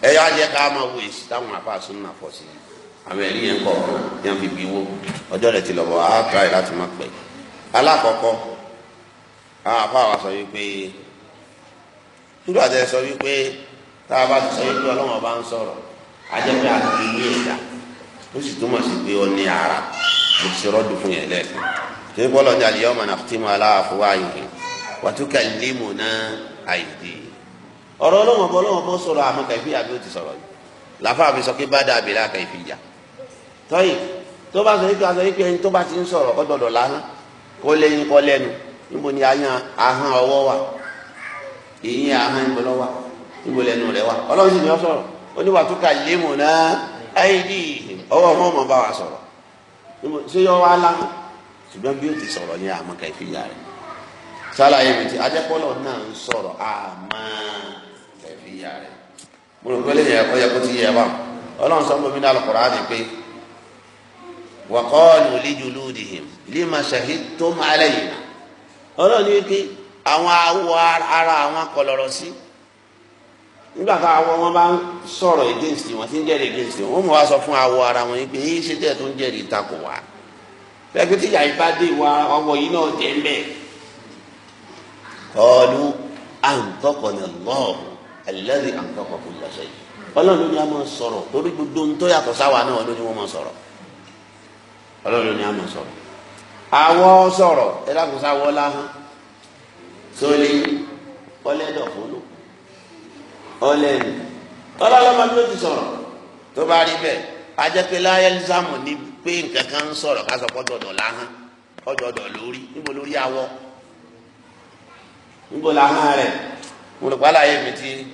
ẹ yọ a ká máa wo èsì táwọn afáàsù ń si sí àwọn ẹ̀rí yẹn kọ̀ yẹn bi bí wo ọjọ́ ti lọ bọ̀ ala try láti má pẹ́ awa wa sọ wípé nígbà tẹ sọ wípé tá a bá ara ala afwahihim wa tukallimuna ọ̀rọ̀ ọlọ́wọ̀n bọ́ bọ́ sọ̀rọ̀ àmọ́ bí ó ti sọ̀rọ̀ yìí làfáà fi sọ pé bá la tọ́yì tó bá sọ sọ ti ń sọ̀rọ̀ kó lẹ́yìn kọ́ lẹ́nu níbo ni ọwọ́ níbo lẹ́nu ọlọ́run sì ni wọ́n sọ̀rọ̀ ó ní tó ka lémù náà ọwọ́ bá wa sọ̀rọ̀ ti sọ̀rọ̀ ní àmọ́ kẹfìyà ìyá rẹ̀ mo rò pé lè yẹ kó ti yẹ wọn ọlọ́run sọ fún mi ní al ni pé wa qalu li lima shahidtum alayna àwọn awọ ara àwọn kọlọrọ sí nígbà tá wọn bá ń sọ̀rọ̀ against wọn tí ń sọ fún awọ ara wọn yìí pé ṣe tó ń takò wá pẹ̀lú tíjà yìí bá dé wa yìí náà jẹ́ ń bẹ̀ alladhi anfaqa kulla shay ọlọ́run ló ní a máa sọ̀rọ̀ torí gbogbo ń tó yàtọ̀ sáwa náà ló ní wọ́n máa sọ̀rọ̀ ọlọ́run ló ní a máa sọ̀rọ̀ àwọ̀ sọ̀rọ̀ ẹ dákun sáwọ́ láhán sólé ọlẹ́dọ̀ fọlọ́ ọlẹ́nu ọlọ́run máa ló ti sọ̀rọ̀ tó bá rí bẹ́ẹ̀ ajẹ́pẹ́ láyé ẹlẹ́sàmù ní pé nǹkan kan ń sọ̀rọ̀ ká sọ láhán pọ́jọ́dọ̀ lórí níbo lórí àwọ̀ níbo láhán rẹ̀ mo rò pálá yẹ mi ti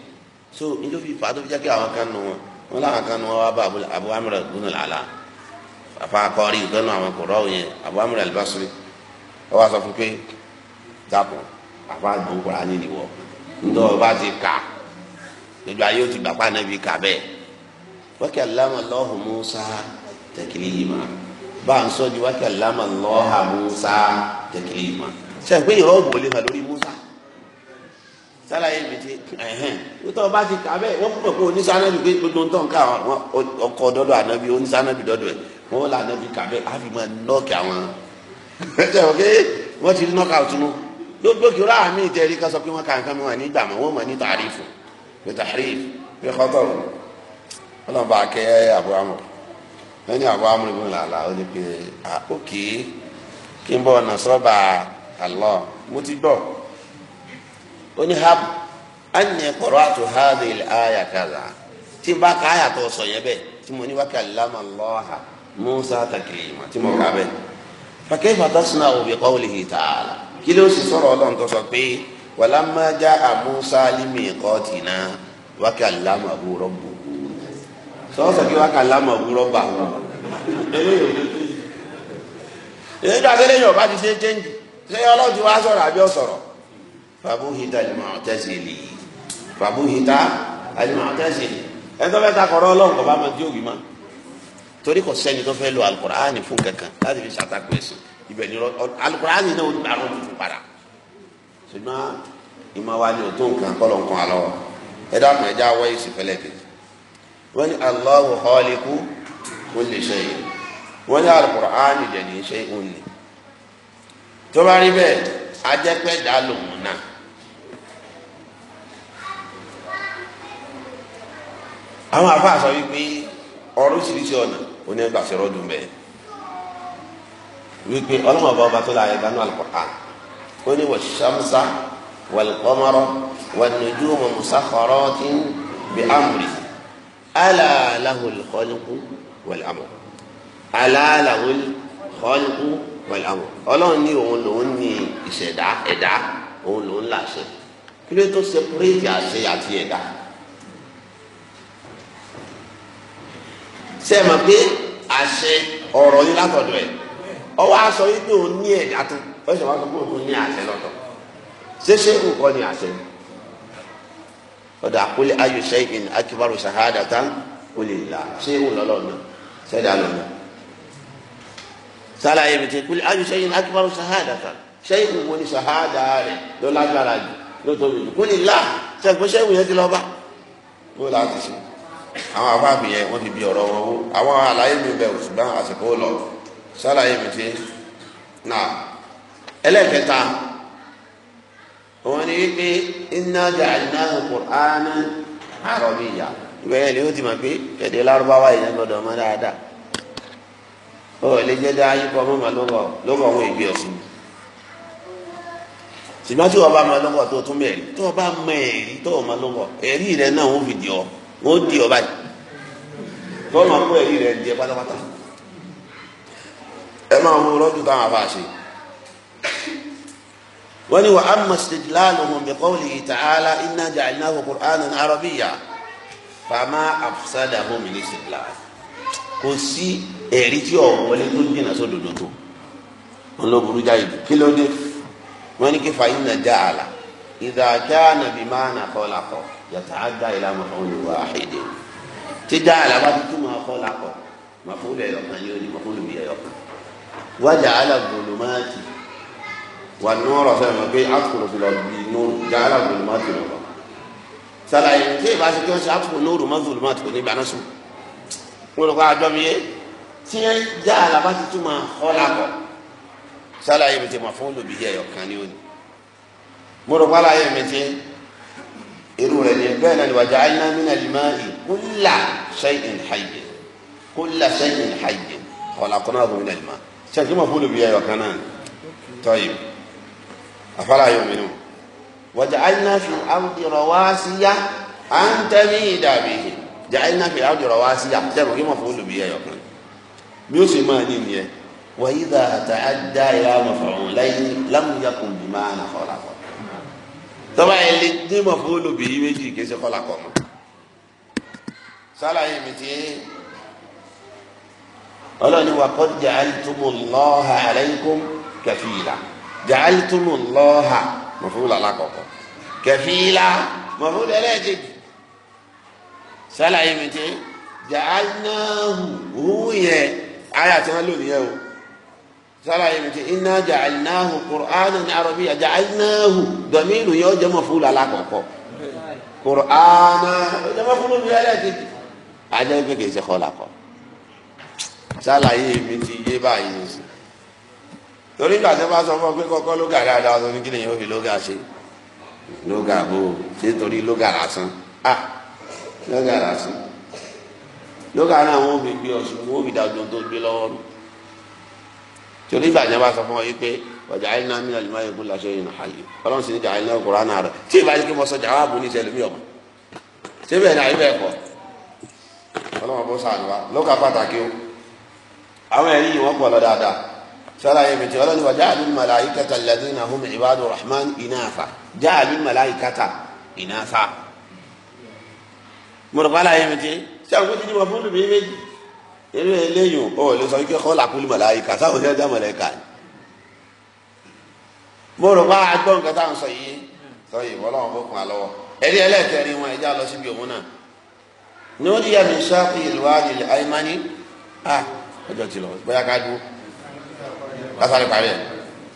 so nítorí fi fàá tó fi jẹ́ kí àwọn kan nu wọn wọn láwọn kan nu wọn wá bá abu amr ibn al-ala afa akọrin ìgbẹ́nu àwọn kò rọ́ọ̀ yẹn abu amr al-basri ó wá sọ fún pé dàpọ̀ afa gbọ́n kura ní ìwọ nítorí wọn bá ti kà gbogbo ayé ó ti gbàgbá nàbí kà bẹ́ẹ̀ wákì aláma lọ́hùn musa taklima bá a ń sọ di wákì aláma lọ́hà musa taklima sẹ́yìn pé ìrọ̀ ògbó lè lórí musa sálàyé mi ti ẹ̀hẹ́n wótọ́ bá ti kà bẹ́ẹ̀ wọ́n pọ̀ pé oníṣànábì pé gbogbo nǹkan ká ọkọ̀ dọ́dọ̀ ànábì oníṣànábì dọ́dọ̀ ẹ̀ wọ́n là ànábì kà bẹ́ẹ̀ á fi máa nọ́ọ̀kì àwọn ẹ̀jẹ̀ wọ́n ké wọ́n ti nọ́ọ̀kì àtúnú gbogbo kí ọlọ́wà mi tẹ̀rí ká sọ pé wọ́n ka nǹkan mi wà ní ìgbà mọ́ wọ́n mọ̀ ní tàrífù pé tàrífù pé kọ́tọ̀ ọlọ́run bá kẹ́ àbúrò àmọ̀ lẹ́yìn àbúrò àmọ̀ ìbùn làlà ó ní pé à ókè kí n bọ̀ nà sọ́ba ó ní hab anyi qara'tu hadhihi al-aya kaza tí n bá ka àyà tó sọ yẹn bẹ́ẹ̀ tí mo ní wa kallama Allaha Musa taklima tí mo kà bẹ́ẹ̀ fa kayfa tasna'u bi qawlihi ta'ala kí ló sì sọ̀rọ̀ ọlọ́run tó sọ pé walamma ja'a Musa limiqatina wa kallamahu rabbuhu sọ́sọ́ kí wa kallamahu rabbuhu èyí tó àtẹ́lẹ́yìn ọba ti ṣe é chẹ́ńjì ṣé ọlọ́run ti wá sọ̀rọ̀ àbí ọ̀sọ̀rọ̀ fàbúhìtà al-Mu'tazili fàbúhìtà al-Mu'tazili ẹni tó fẹ́ takọ̀rọ̀ ọlọ́run kò bá máa di òbí ma torí kò sẹ́ni tó fẹ́ lo alukur'ani fún kankan láti fi ṣàtàkù ẹ̀sìn ibẹ̀ ni alukur'ani náà ó gbà lọ́dún padà ṣùgbọ́n ìmọ̀ wa ni ò tó nǹkan kọ́ ló ń kọ́ àlọ́ ẹ dákun ẹ já wọ́ èsì fẹ́lẹ́ kejì wọ́n ní Allahu khaliqu kulli shay wọ́n ní alukur'ani dẹ̀ ní ṣe òun ni tó bá rí bẹ́ẹ̀ ajẹ́pẹ́ dá lòun náà àwọn àfáà sọ wípé oríṣiríṣi ọ̀nà onígbàsẹ̀rọ̀ dùn bẹ́ẹ̀ wípé ọlọ́mọba ọba tó láàyè gbanú al-Qur'an ó ní wa shamsa wal-qamara wan-nujumu musakhkharatin bi-amri ala lahul khalqu wal-amr ala lahul khalqu wal-amr ní òun lòun ní ìṣẹ̀dá ẹ̀dá òun lòun láṣẹ kí ló tó separate àṣẹ àti ẹ̀dá. ṣe é mọ̀ pé àṣẹ ọ̀rọ̀ yín látọ̀dọ̀ ẹ̀ ọwọ́ aṣọ yín pé òun ní ẹ̀dá tó ó ṣe wá sọ pé òun ní àṣẹ lọ́tọ̀ ṣé ṣé kò kọ́ ní àṣẹ ọ̀dà àkúlẹ̀ ayò ṣẹ́yìn akíbarò ṣàhádà tán kò lè là ṣé òun lọ́lọ́ náà ṣẹ́dá lọ́nà sálàyé mi ti kúlẹ̀ ayò ṣẹ́yìn akíbarò ṣàhádà tán ṣẹ́yìn wo ni ṣàhádà rẹ̀ ló lágbára jù ló tóbi jù kúlẹ̀ là ṣẹ́gun yẹn ti lọ bá kó láti ṣe. àwọn afáàmì yẹn wọ́n ti bi ọ̀rọ̀ wọn wó àwọn àlàyé mi bẹ̀ àsìkò lọ sálàyé mi ti nà ẹlẹ́kẹta òun ni wípé inna ja'alnahu qur'anan arabiyya ìgbà yẹn ni ó ti mọ̀ pé èdè lárúbáwá dáadáa ó lè jẹ́ lọ́gọ̀ lọ́gọ̀ ìgbé ọ̀sìn ṣùgbọ́n tí wọ́n wọ́n di ọba yìí wọ́n máa kó ẹ̀rí rẹ̀ jẹ pátápátá ẹ máa mú rọ́jù táwọn afa ṣe. wọ́n ní wa amma istidlaluhum bi qawlihi ta'ala inna ja'alnahu qur'anan arabiyya fama afsadahu min istidlal kò sí ẹ̀rí tí ọ̀ wọlé tó jìnnà sódodo tó wọn ló burú jáde kí ló dé wọ́n ní kí fa inna ja'ala idha kana bima'na khalaqa yàtàádá ìlànà ọ̀hún ìwà àhìdè tíjà àlàbà tuntun máa kọ́ lakọ̀ màfúlù ẹ̀yọ̀kan yóò ní màfúlù bí ẹ̀yọ̀kan wájà alágbòlò máa ti wà ní ọ̀rọ̀ fẹ́ràn mọ̀ pé àtúkòrò fi lọ bí nóòrù já alágbòlò máa ti lọ e lọ. sàlàyé tí ìbá ṣe kí wọ́n ṣe àtúkò nóòrù máa zòlù máa ti kò ní ìbáná sùn. wọ́n lọ kọ́ àjọ mi yé tí já àlàbà tuntun máa kọ́ lakọ̀ sàlàyé mi ti màfúlù bí ẹ̀yọ̀kan ni ó ní. mo rò pálá ayé mi ti e, irú rẹ̀ ni bẹ́ẹ̀ náà ni wa ja'alna minal ma'i kulla shay'in hayy kulla shay'in hayy khalaqnahu minal ma' sẹ́yìn mọ̀ fúlù bí ẹ̀ ọ̀kan náà tayyib afala yu'minun wa ja'alna fil ardi rawasiya an tamida bihim ja'alna fil ardi rawasiya sẹ́yìn mọ̀ fúlù bí ẹ̀ ọ̀kan bí ó sì máa ní nìyẹn wa idha ta'adda ila maf'ulayn lam yakun tọ́ba yẹn lè dé mọ̀ fún olùbíyí méjì kì í ṣe kọ́lá kọ́ mọ́ sálàyé mi ti ọlọ́ni wa qad ja'altumullaha alaykum kafila ja'altumullaha mọ̀fúnlá alákọ̀ọ́kọ́ kafila mọ̀fúnlá ẹlẹ́ẹ̀kejì sálàyé mi ti ja'alnahu hu yẹn ayé àti wọn lónìí yẹn o sálàyé mi ti iná jàìnáhù kùránù ní arọ́bí jàìnáhù dọ̀míìlù yóò jẹ́ mọ̀fúlù alákọ̀ọ́kọ́ kùránù yóò jẹ́ mọ̀fúlù bí ẹlẹ́kejì ajẹ́ pé kì í ṣe kọ́ làkọ́ sálàyé mi ti yé báyìí nìyí torí ìgbà tó bá sọ fún ọ pé kọ́kọ́ lóga dáadáa sọ ní kí lèyìn ó fi lóga ṣe lóga bó ṣe torí lóga lásán ah lóga lásán lóga náà wọn ò fi gbé ọ̀sùn wọn ò fi dàgbọ́n tó gbé lọ́wọ́ nù torí ìgbà yẹn bá sọ fún wa yìí pé ọjà àìlínà mi àlùmọ́ ayégun làṣẹ yìí nà ayé ọlọ́run sì ní jàá àìlínà kúrò àná rẹ tí ìbá yìí kí mo sọ jà wà bù ní ìṣẹ̀lẹ̀ mi ọ̀mọ̀ síbẹ̀ ní àyè bẹ́ẹ̀ kọ́ ọlọ́run bó sàánú wa lóka pàtàkì o àwọn ẹ̀rí yìí wọ́n pọ̀ lọ dáadáa sọ́ra yẹn bìtì ọlọ́run wà jáàlú màláìkàtà lẹ́dínà hum ibadu rahman eré eléyìn ò lè sọ wípé kọ́lá kúlù màláyíkà sáwọn ọ̀sẹ̀ ọjà màláyíkà ni mo rò bá agbọ́n nǹkan táwọn sọ yìí sọ yìí wọ́n lọ́wọ́ fún wa lọ́wọ́ ẹ̀rí ẹlẹ́ẹ̀kẹrin wọn ẹ̀já lọ síbi òun náà ní ó díyà mi ṣáàpì ìlú àdìlẹ̀ àìmání à ọjọ́ ti lọ bóyá ká dúró lásán parí ẹ̀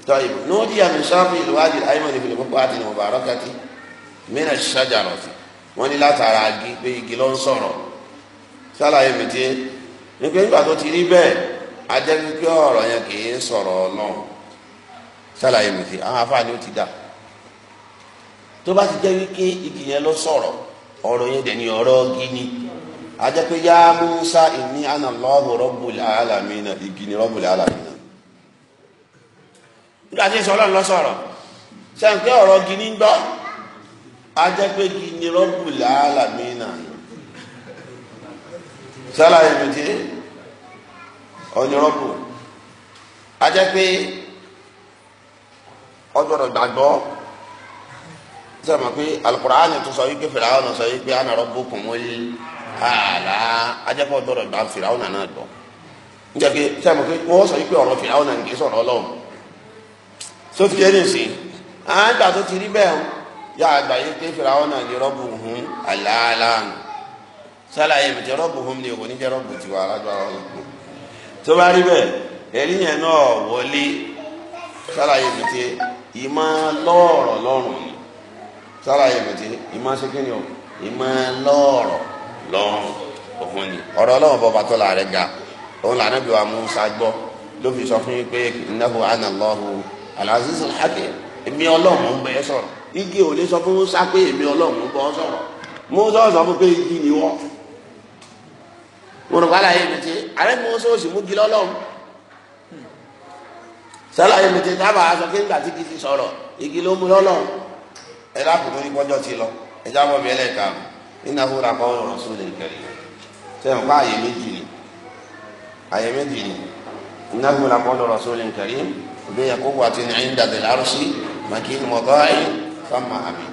tọ́ ìbò ní ó díyà mi ṣáàpì ìlú àdìlẹ̀ àìmání fi lè pọ́pọ́ àti ìwọ̀nba àrọ́kẹ́tì mìíràn ṣáàjà rọ̀ sí wọ́n ní látara igi pé igi ló ń sọ̀rọ̀ sálàyé mi tiẹ́ nígbà nígbà tó ti rí bẹ́ẹ̀ ajẹ́ni pé ọ̀rọ̀ yẹn kì í sọ̀rọ̀ ọlọ́run ṣàlàyé mi fi àwọn afáàní ó ti dà tó bá ti jẹ́ wípé igi yẹn ló sọ̀rọ̀ ọ̀rọ̀ yẹn dẹ̀ ni ọ̀rọ̀ gini ajẹ́ pé yá Musa inni ana Allahu rabbul alamina igi ni rabbul alamina nígbà tí ìṣọ̀lọ́run lọ sọ̀rọ̀ sẹ́yìn pé ọ̀rọ̀ gini ń gbọ́ ajẹ́ pé gini rabbul sálàyé mi ti ọ̀nyọ́rọ́pọ̀ ajẹ́ pé ọjọ́rọ̀ gbàgbọ́ sọ̀rọ̀ pé Al-Qur'ani tó sọ yìí pé Fir'auna sọ yìí pé ana rabbukumul àlá ajẹ́ pé ọjọ́rọ̀ gbà Fir'auna náà gbọ́ njẹ́ pé sọ̀rọ̀ pé wọ́n sọ yìí pé ọ̀rọ̀ Fir'auna nìkí sọ̀rọ̀ Ọlọ́run sófì ẹ̀rìnsì àgbà tó ti rí bẹ́ẹ̀ yà àgbà yìí pé Fir'auna ni rabbuhum àlá àlá nù sálàyé mi jẹ́ rọ́ọ̀bù home ni òkò ní jẹ́ tiwa alágbára ọ̀gbọ̀n tó bá rí bẹ́ẹ̀ ẹ̀rí yẹn náà wọlé sálàyé mi ìmọ̀ lọ́ọ̀rọ̀ lọ́rùn ni sálàyé mi ìmọ̀ sẹ́kẹ́ni ọ̀ ìmọ̀ lọ́ọ̀rọ̀ lọ́rùn òhun ni ọ̀rọ̀ ọlọ́run bọ́ bàtọ́ la rẹ̀ ga òun bí wa gbọ́ ló fi sọ fún yín pé mo rò wàhálà yìí mi ti àrẹ mi wọn sọ̀rọ̀ sì mú gilọ́ lọ́wọ́ sọlá yìí mi ti dábàá aṣọ kí n gbà tí kì í ti sọ̀rọ̀ igi ló mú lọ́lọ́ ẹ lápò tó ní kọjọ́ ti lọ ẹ jábọ̀ bí ẹlẹ́ka nínú àhúrà kọ́ ọ̀rọ̀ sóde kẹrì sẹ́yìn kọ́ àyè méjì ni àyè méjì ni nínú àhúrà kọ́ ọ̀rọ̀ sóde kẹrì òbí yẹn kó wà tí ní ẹ̀yìn dàdé lárúsí màkì ní mọ̀tọ́ ayé fáma àmì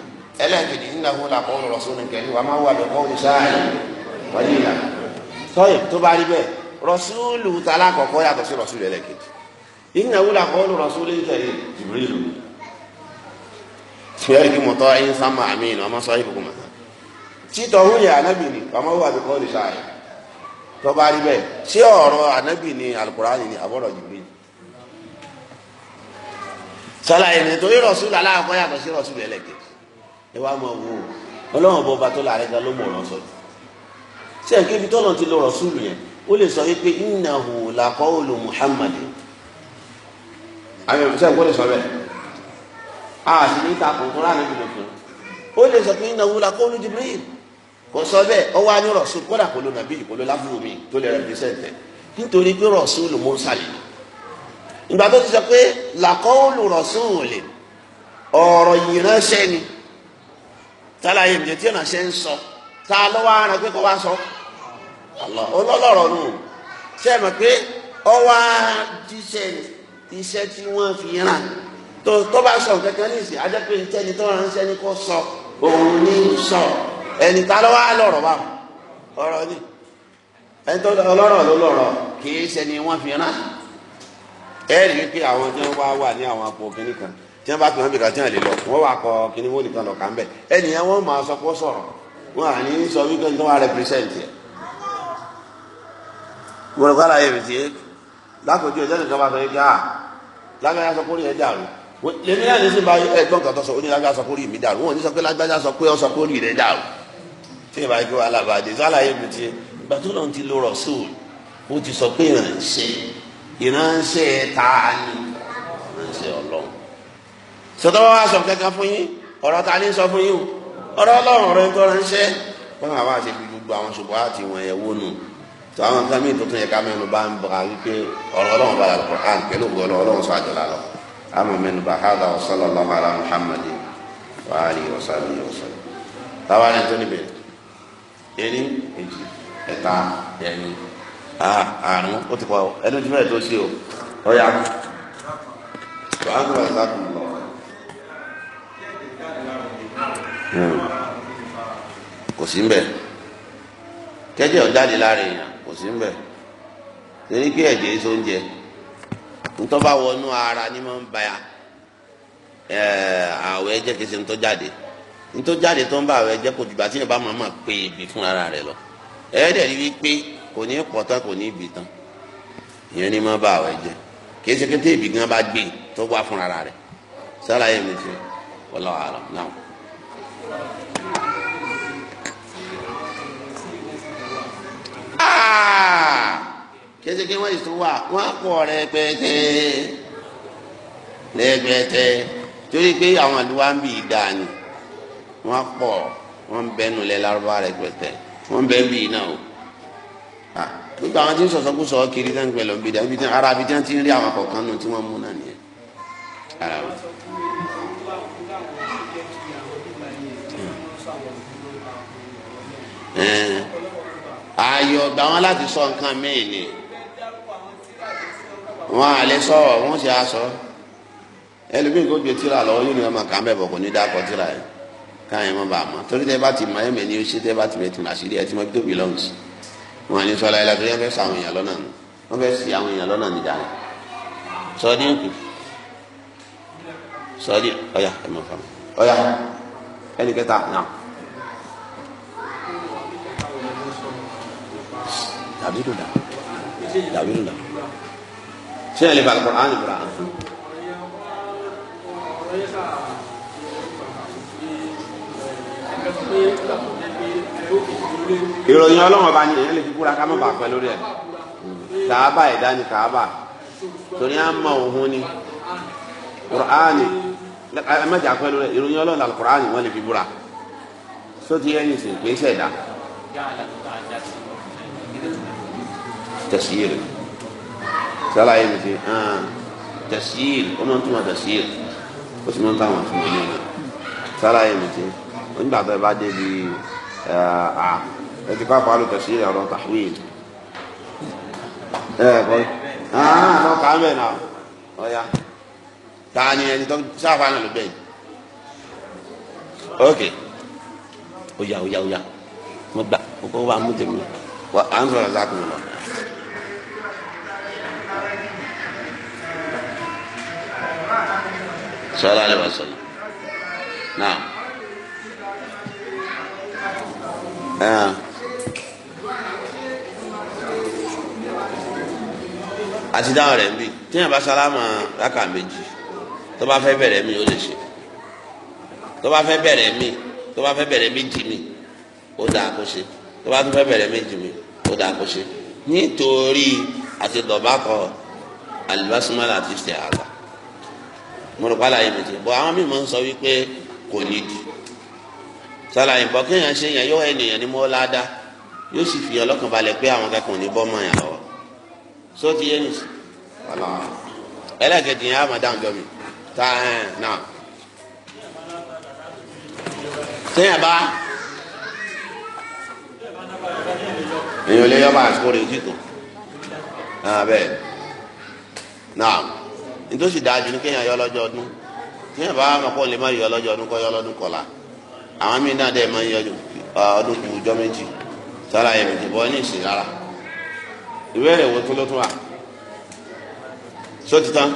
ọ̀rọ̀ sóde kẹrì wà má wà lọ́kọ́ òṣàáyé wáyé yàrá tọ́yì tó bá rí bẹ́ẹ̀ rọ̀ṣúlù tala kọ̀kọ́ yàtọ̀ sí rọ̀ṣúlù ẹlẹ́kejì ìnà wúlà kọ́ ló rọ̀ṣúlù ìtẹ̀lé jìbìrìlù fẹ́ẹ́ kí mọ̀tọ́ ẹ̀yin sámà àmì ìnà ọmọ sọ́yìn kúkú màtá títọ́ hún yẹ anábì ni ọmọ wà bí kọ́ lè ṣáàyè tó bá rí bẹ́ẹ̀ ṣé ọ̀rọ̀ anábì ni alukurani ni àbọ̀rọ̀ jìbìrìlù sọlá yìí ni torí rọ̀ṣúlù aláàkọ́ yàtọ̀ sí rọ̀ṣúlù ẹlẹ́kejì ṣe é kébi tọ́nà ti lọ rọ̀ṣúlù yẹn ó lè sọ wípé innahu laqawlu Muhammad àmì ṣe é lè sọ bẹ́ẹ̀ a sì ní ta kò kúrò àná fún ó lè sọ pé Jibril kò sọ bẹ́ẹ̀ ọwọ́ kò ló nàbí láfúrú mi tó lè nítorí pé ìgbà tó ti sọ pé ọ̀rọ̀ ta ló wá ara pé kó wá sọ ọlọ́lọ́rọ̀ nù ṣe é mọ̀ pé ọwọ́ jíṣẹ́ iṣẹ́ tí wọ́n fi ràn tó tó bá sọ kankan ní ìsìn ajẹ́ pé ìtẹ́ni tó ránṣẹ́ ni kò sọ òun ní sọ ẹni ta ló wá lọ̀rọ̀ bá ọ̀rọ̀ ni ẹni tó ọlọ́rọ̀ ló lọ̀rọ̀ kì í ṣe ni wọ́n fi ràn ẹ rí i pé àwọn tí wọ́n wá wà ní àwọn àpò kìnnìkan tí wọ́n bá pè wọ́n bìkan tí wọ́n lè lọ wọ́n wà kọ kìnnìkan nìkan lọ kà ń bẹ̀ ẹnìyẹn wọ́n máa sọ pé ó sọ̀rọ̀ wọn à ní sọ wípé ní tó wà rẹpírẹsẹ̀ntì ẹ̀ gbọdọ̀ kọ́ àlàyé mi ti yé lákòójú ẹ̀ sẹ́ni kan bá sọ yìí ká ah, lágbájá sọ kórìí ẹ̀ dàrú lèmi náà ní sí ma ẹ̀gbọ́n kan tó sọ oní lágbájá sọ kórìí mi dàrú wọn ò ní sọ pé lágbájá sọ pé ọ sọ kórìí rẹ̀ dàrú tí ìbá yìí kó wà lábàdé sọ àlàyé mi ti yé ìgbà tó lọ́n ti lo rọ̀ṣùl ó ti sọ pé ìrànṣẹ́ ìrànṣẹ́ ta ni ìrànṣẹ́ ọlọ́run sọtọ́ wá sọ kẹ́kẹ́ fún yín ọ̀rọ̀ ọlọ́run ọ̀rọ̀ ẹ̀tọ́ ránṣẹ́ wọn àwa ṣe fi gbogbo àwọn ṣùgbọ́n àti wọn yẹ wó nù tó àwọn nǹkan míì tó tún yẹ ká mẹ́nu bá ń bọ̀ra wípé ọ̀rọ̀ ọlọ́run bá lọ kàn pẹ̀lú ògbó ọlọ́run sọ àjọlá lọ àmọ́ mẹ́nu bá hàdà sallallahu ala Muhammad wa alihi wa sahbihi wa sallam táwa ni tó níbẹ̀ ẹni èjì ẹ̀ta ẹ̀ni àrùn ó ti pa ẹni ojú mẹ́rin tó ṣe o ọ̀ya. wàhálà ìlànà lọ. Hmm. kò sí mbẹ kẹjẹ ọjáde lára kò sí mbẹ torí ń wọnú ara ni máa ń ba àwọ̀ ẹ̀jẹ̀ kìí ṣe ntọ́jáde tó ń bá àwọ̀ ẹ̀jẹ̀ kò jùlọ ibi fún ara rẹ lọ ẹ̀ẹ́dẹ̀ rí wípé kò ní pọ̀ tán kò ní ibì tán ìyẹn ni bá àwọ̀ ẹ̀jẹ̀ kìí ibì gan bá tó wá fún ara rẹ sára mi fi kéde kí wọ́n yìí tó wà wọ́n pọ̀ rẹpẹtẹ torí pé àwọn àdúrà ń bì í ni wọ́n pọ̀ wọ́n bẹ́ẹ̀ nulẹ̀ lárúbá wọn bẹ bì í náà o ah, wọn tí ń kó kiri ara ti ń rí ààyè eh. ọgbà wọn láti sọ nǹkan míì ni wọn àlẹ sọ̀rọ̀ wọn sì á sọ ẹlòmíì kò gbé tíra lọ́wọ́ yóò ní ọmọ kan bẹ bọ kò ní dákọ tíra yẹn káyọ̀ mọ́ bá a mọ̀ torí tẹ bá ti mọ ẹ̀mẹ̀ ni ó ṣe tẹ bá ti mẹ ti mà sí rí ẹ ti mọ ibi tó bí lọ́hùn sí wọn àní sọ láyé látọ̀ yẹn fẹ́ sàwọn èèyàn lọ́nà nù fẹ́ sì àwọn èèyàn lọ́nà nìjà rẹ sọ ní òkú sọ ní ọyà ẹ mọ̀ fún mi ọyà ẹnì kẹta náà. dàbí dùdà dàbí dùdà ṣé ẹ lè balùwẹ̀ kọ́ra ánì kọ́ra. ìròyìn ọlọ́run ọba ni èèyàn lè fi búra ká má bàa pẹ́ lórí ẹ̀ kàába ẹ̀dá ni kàába torí à ń mọ òun ni kùránì ẹ má jà pẹ́ lórí ẹ̀ ìròyìn ọlọ́run àti kùránì wọ́n lè fi búra sóti ẹni sìn kì í ṣẹ̀dá tẹ̀síìrì sálàyé mi ti hàn ah, tẹ̀síìrì ó máa ń túmọ̀ tẹ̀síìrì ó sì máa ń táwọn àtúmọ̀ ní ọ̀nà sálàyé mi ti nígbà tó ẹ bá débi à ah, ah, ẹ ti pápá ló tẹ̀síìrì ọ̀rọ̀ tàwíìlì ẹ kọ́ ah lọ kà á mẹ́ náà ọ̀ya ta ni ẹni tó sáfà náà ló bẹ̀ yìí ok ó yá ó yá ó yá sallallahu alaihi wasallam náà. àti ah. dáhùn rẹ̀ ń bì téèyàn bá sálámà rákà méjì tó bá fẹ́ bẹ̀rẹ̀ mi ó lè ṣe tó bá fẹ́ bẹ̀rẹ̀ mi tó bá fẹ́ bẹ̀rẹ̀ méjì mi ó dáa kó ṣe tó bá tún fẹ́ méjì mi ó dáa kó ṣe nítorí àti dọ̀bákọ̀ alibasumala àti ṣe àgbà mo rò pálá yẹn mi ti bọ́ àwọn míì máa ń sọ wípé kò ní di sálàyé bọ́ kéèyàn ṣe yẹn yóò ènìyàn ní mọ́ láda yóò sì fi ọlọ́kàn balẹ̀ pé àwọn kankan ò ní bọ́ mọ́ yàn lọ́wọ́ só ti yé nìsí wàlá ẹlẹ́kẹ̀dì yẹn á máa dáhùn jọ mi tá ẹ̀ náà sẹ́yìn bá èèyàn lè yọ bá àsìkò rẹ̀ òtítọ́ ah, náà bẹ́ẹ̀ náà nítòsí dájú ní kéèyàn yọ lọ́jọ́ ọdún kéèyàn bá mọ̀ pọ̀ lè má yọ lọ́jọ́ ọdún kọ́ yọ lọ́dún kọ́la àwọn míín náà dẹ̀ máa ń yọ ọdún kù ọjọ́ méjì sára yẹn méjì bọ́ ní ìsìn rárá ìbéèrè wo tó ló tún wà sọ ti tán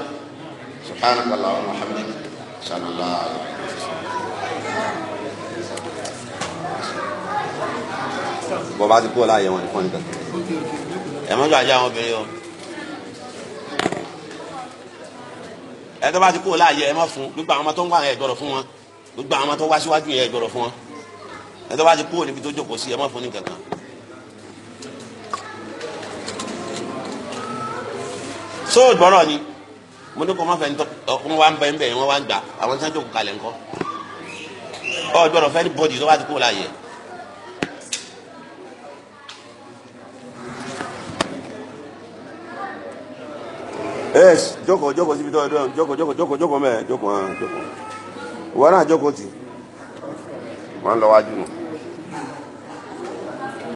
subhanaka allahumma wa hamdika sallallahu alaihi wa sallam. bọ́ bá ti kú ọ láàyè wọn nìkan nìkan ẹ̀ mọ́jọ́ ajá wọn obìnrin o. ẹ tó bá ti kó láàyè ẹ má fún gbogbo àwọn ọmọ tó ń wá ẹ gbọ́dọ̀ fún wọn gbogbo àwọn ọmọ tó wá síwájú yẹn ẹ gbọ́dọ̀ fún wọn ẹ tó bá ti kó níbi tó jókòó sí ẹ má fún ní kankan. so gbọ́dọ̀ ni mo ní kó má fẹ́ wọn wá ń bẹ ń bẹ wọn wá ń gbà àwọn tí wọn jókòó kalẹ̀ ńkọ́ ọ gbọ́dọ̀ fẹ́ ní bọ́dì tó bá ti kó láàyè ẹ. yes jókòó jókòó síbi tó ẹdọ jókòó jókòó jókòó jókòó me, jókòó jókòó wọn náà jókòó tì wọn lọ wájú nù.